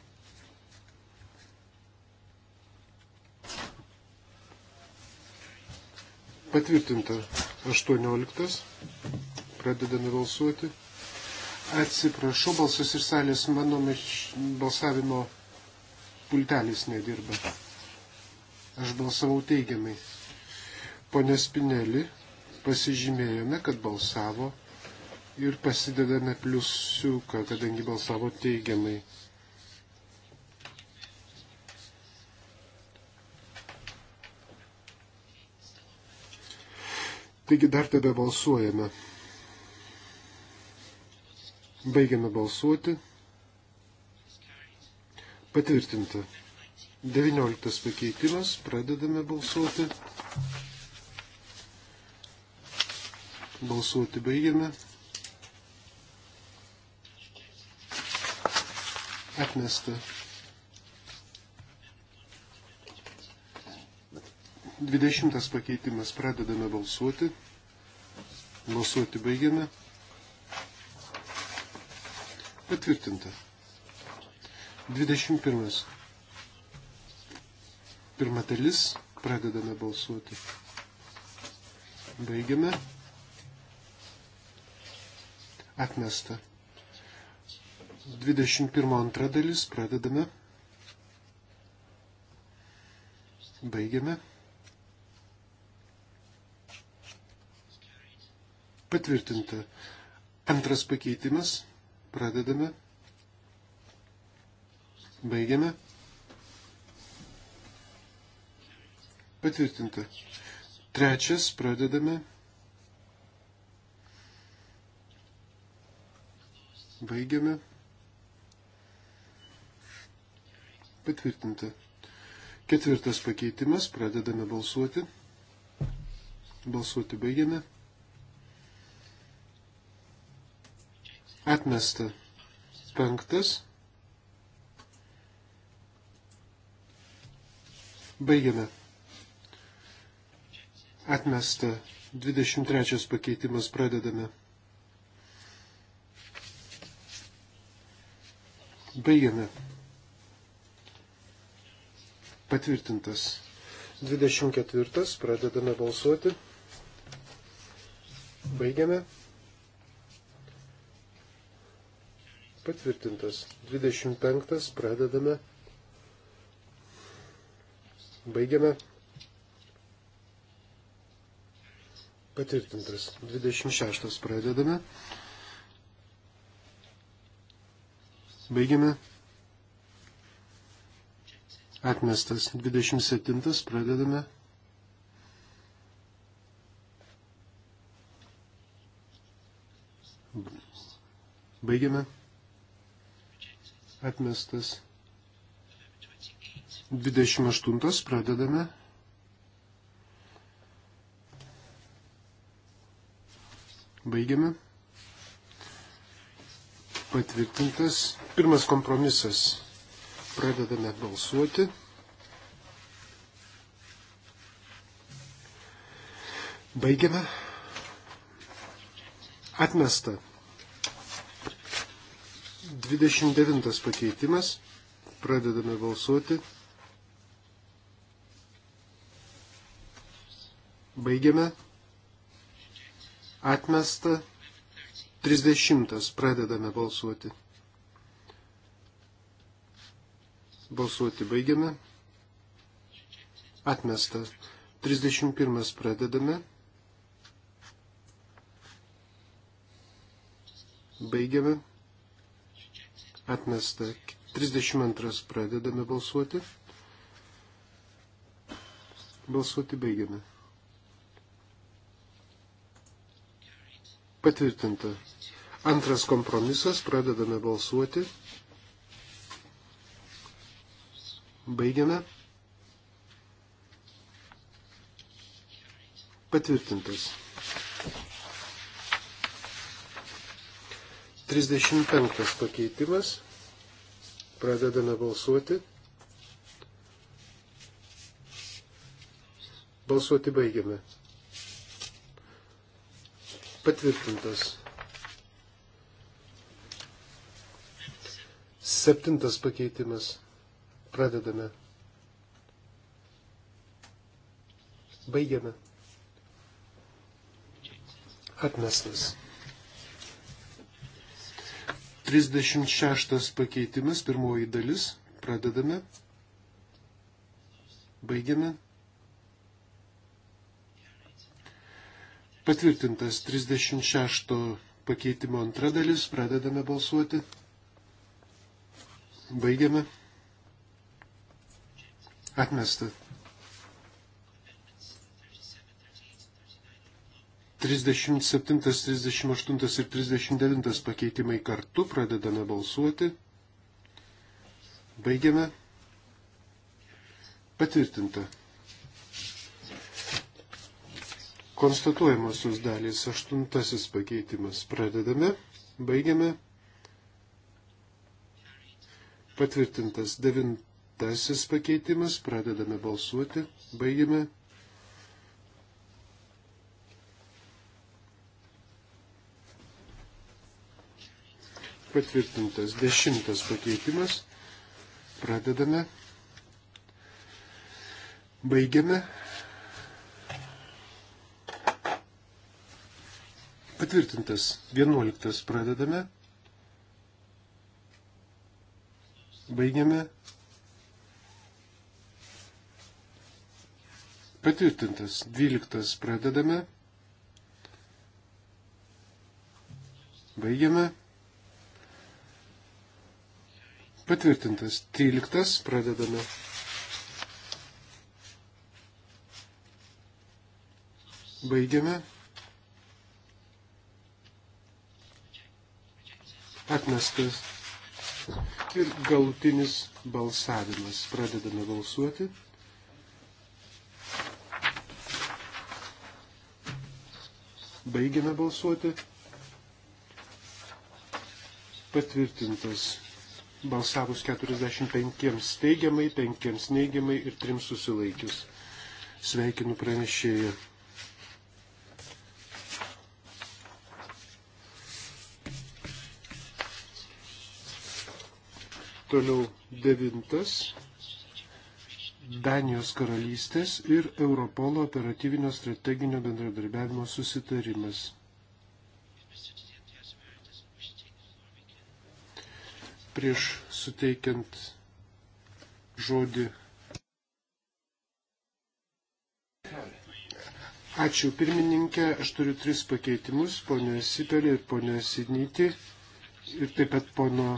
Patvirtinta 18. Pradedame balsuoti. Atsiprašau, balsas iš salės mano balsavimo pultelis nedirba. Aš balsavau teigiamai. Pone Spinelį, pasižymėjome, kad balsavo ir pasidedame pliusiuką, kadangi balsavo teigiamai. Taigi dar tebe balsuojame. Baigiame balsuoti. Patvirtinta. 19 pakeitimas. Pradedame balsuoti. Balsuoti baigiame. Atmesta. 20 pakeitimas pradedame balsuoti. Balsuoti baigiame. Patvirtinta. 21. Pirma dalis pradedame balsuoti. Baigiame atmesta. 21 antra dalis pradedame. Baigiame. Patvirtinta. Antras pakeitimas. Pradedame. Baigiame. Patvirtinta. Trečias. Pradedame. Baigiame. Patvirtinta. Ketvirtas pakeitimas. Pradedame balsuoti. Balsuoti baigiame. Atmesta. Penktas. Baigiame. Atmesta. 23 pakeitimas pradedame. Baigiame. Patvirtintas. 24. Pradedame balsuoti. Baigiame. Patvirtintas. 25. Pradedame. Baigiame. Patvirtintas. 26. Pradedame. Baigiame. Atmestas 27. Pradedame. Baigiame. Atmestas 28. Pradedame. Baigiame patvirtintas. Pirmas kompromisas. Pradedame balsuoti. Baigiame. Atmesta. 29 pakeitimas. Pradedame balsuoti. Baigiame. Atmesta. 30 pradedame balsuoti. Balsuoti baigiame. Atmesta. 31 pradedame. Baigiame. Atmesta. 32 pradedame balsuoti. Balsuoti baigiame. Patvirtinta. Antras kompromisas, pradedame balsuoti. Baigiame. Patvirtintas. 35 pakeitimas. Pradedame balsuoti. Balsuoti baigiame. Patvirtintas. Septintas pakeitimas. Pradedame. Baigiame. Atmestas. 36 pakeitimas, pirmoji dalis. Pradedame. Baigiame. Patvirtintas 36 pakeitimo antra dalis, pradedame balsuoti. Baigiame. Atmesta. 37, 38 ir 39 pakeitimai kartu pradedame balsuoti. Baigiame. Patvirtinta. Konstatuojamosios dalys aštuntasis pakeitimas. Pradedame, baigiame. Patvirtintas devintasis pakeitimas. Pradedame balsuoti, baigiame. patvirtintas dešimtas pakeitimas. Pradedame. Baigiame. Patvirtintas. Vienuoliktas pradedame. Baigiame. Patvirtintas. Dvyliktas pradedame. Baigiame. Patvirtintas. Tryliktas pradedame. Baigiame. atmestas. Ir galutinis balsavimas. Pradedame balsuoti. Baigiame balsuoti. Patvirtintas balsavus 45 teigiamai, 5 neigiamai ir 3 susilaikius. Sveikinu pranešėją. Toliau devintas. Danijos karalystės ir Europolo operatyvinio strateginio bendradarbiavimo susitarimas. Prieš suteikiant žodį. Ačiū pirmininkė, aš turiu tris pakeitimus, ponė Sipelė ir ponė Sidnyti ir taip pat pono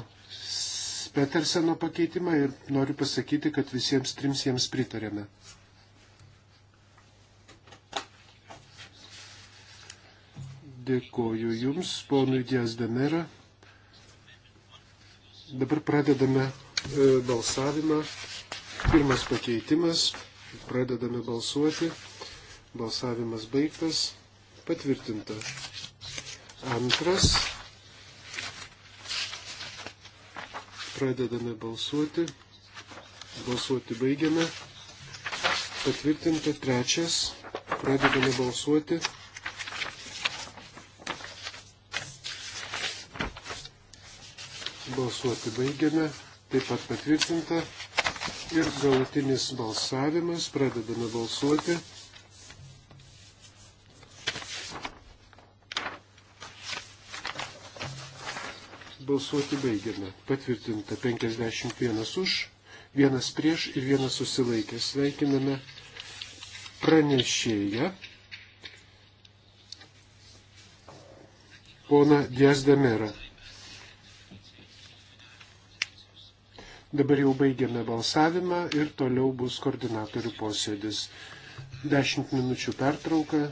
Peterseno pakeitimą ir noriu pasakyti, kad visiems trims jiems pritarėme. Dėkoju Jums, ponui Dijas Demera. Dabar pradedame e, balsavimą. Pirmas pakeitimas. Pradedame balsuoti. Balsavimas baigtas. Patvirtinta. Antras Pradedame balsuoti. Balsuoti baigiame. Patvirtinta trečias. Pradedame balsuoti. Balsuoti baigiame. Taip pat patvirtinta. Ir galutinis balsavimas. Pradedame balsuoti. Balsuoti baigiame. Patvirtinta 51 už, vienas prieš ir vienas susilaikė. Sveikiname pranešėją. Pona Diezdemera. Dabar jau baigiame balsavimą ir toliau bus koordinatorių posėdis. Dešimt minučių pertrauka.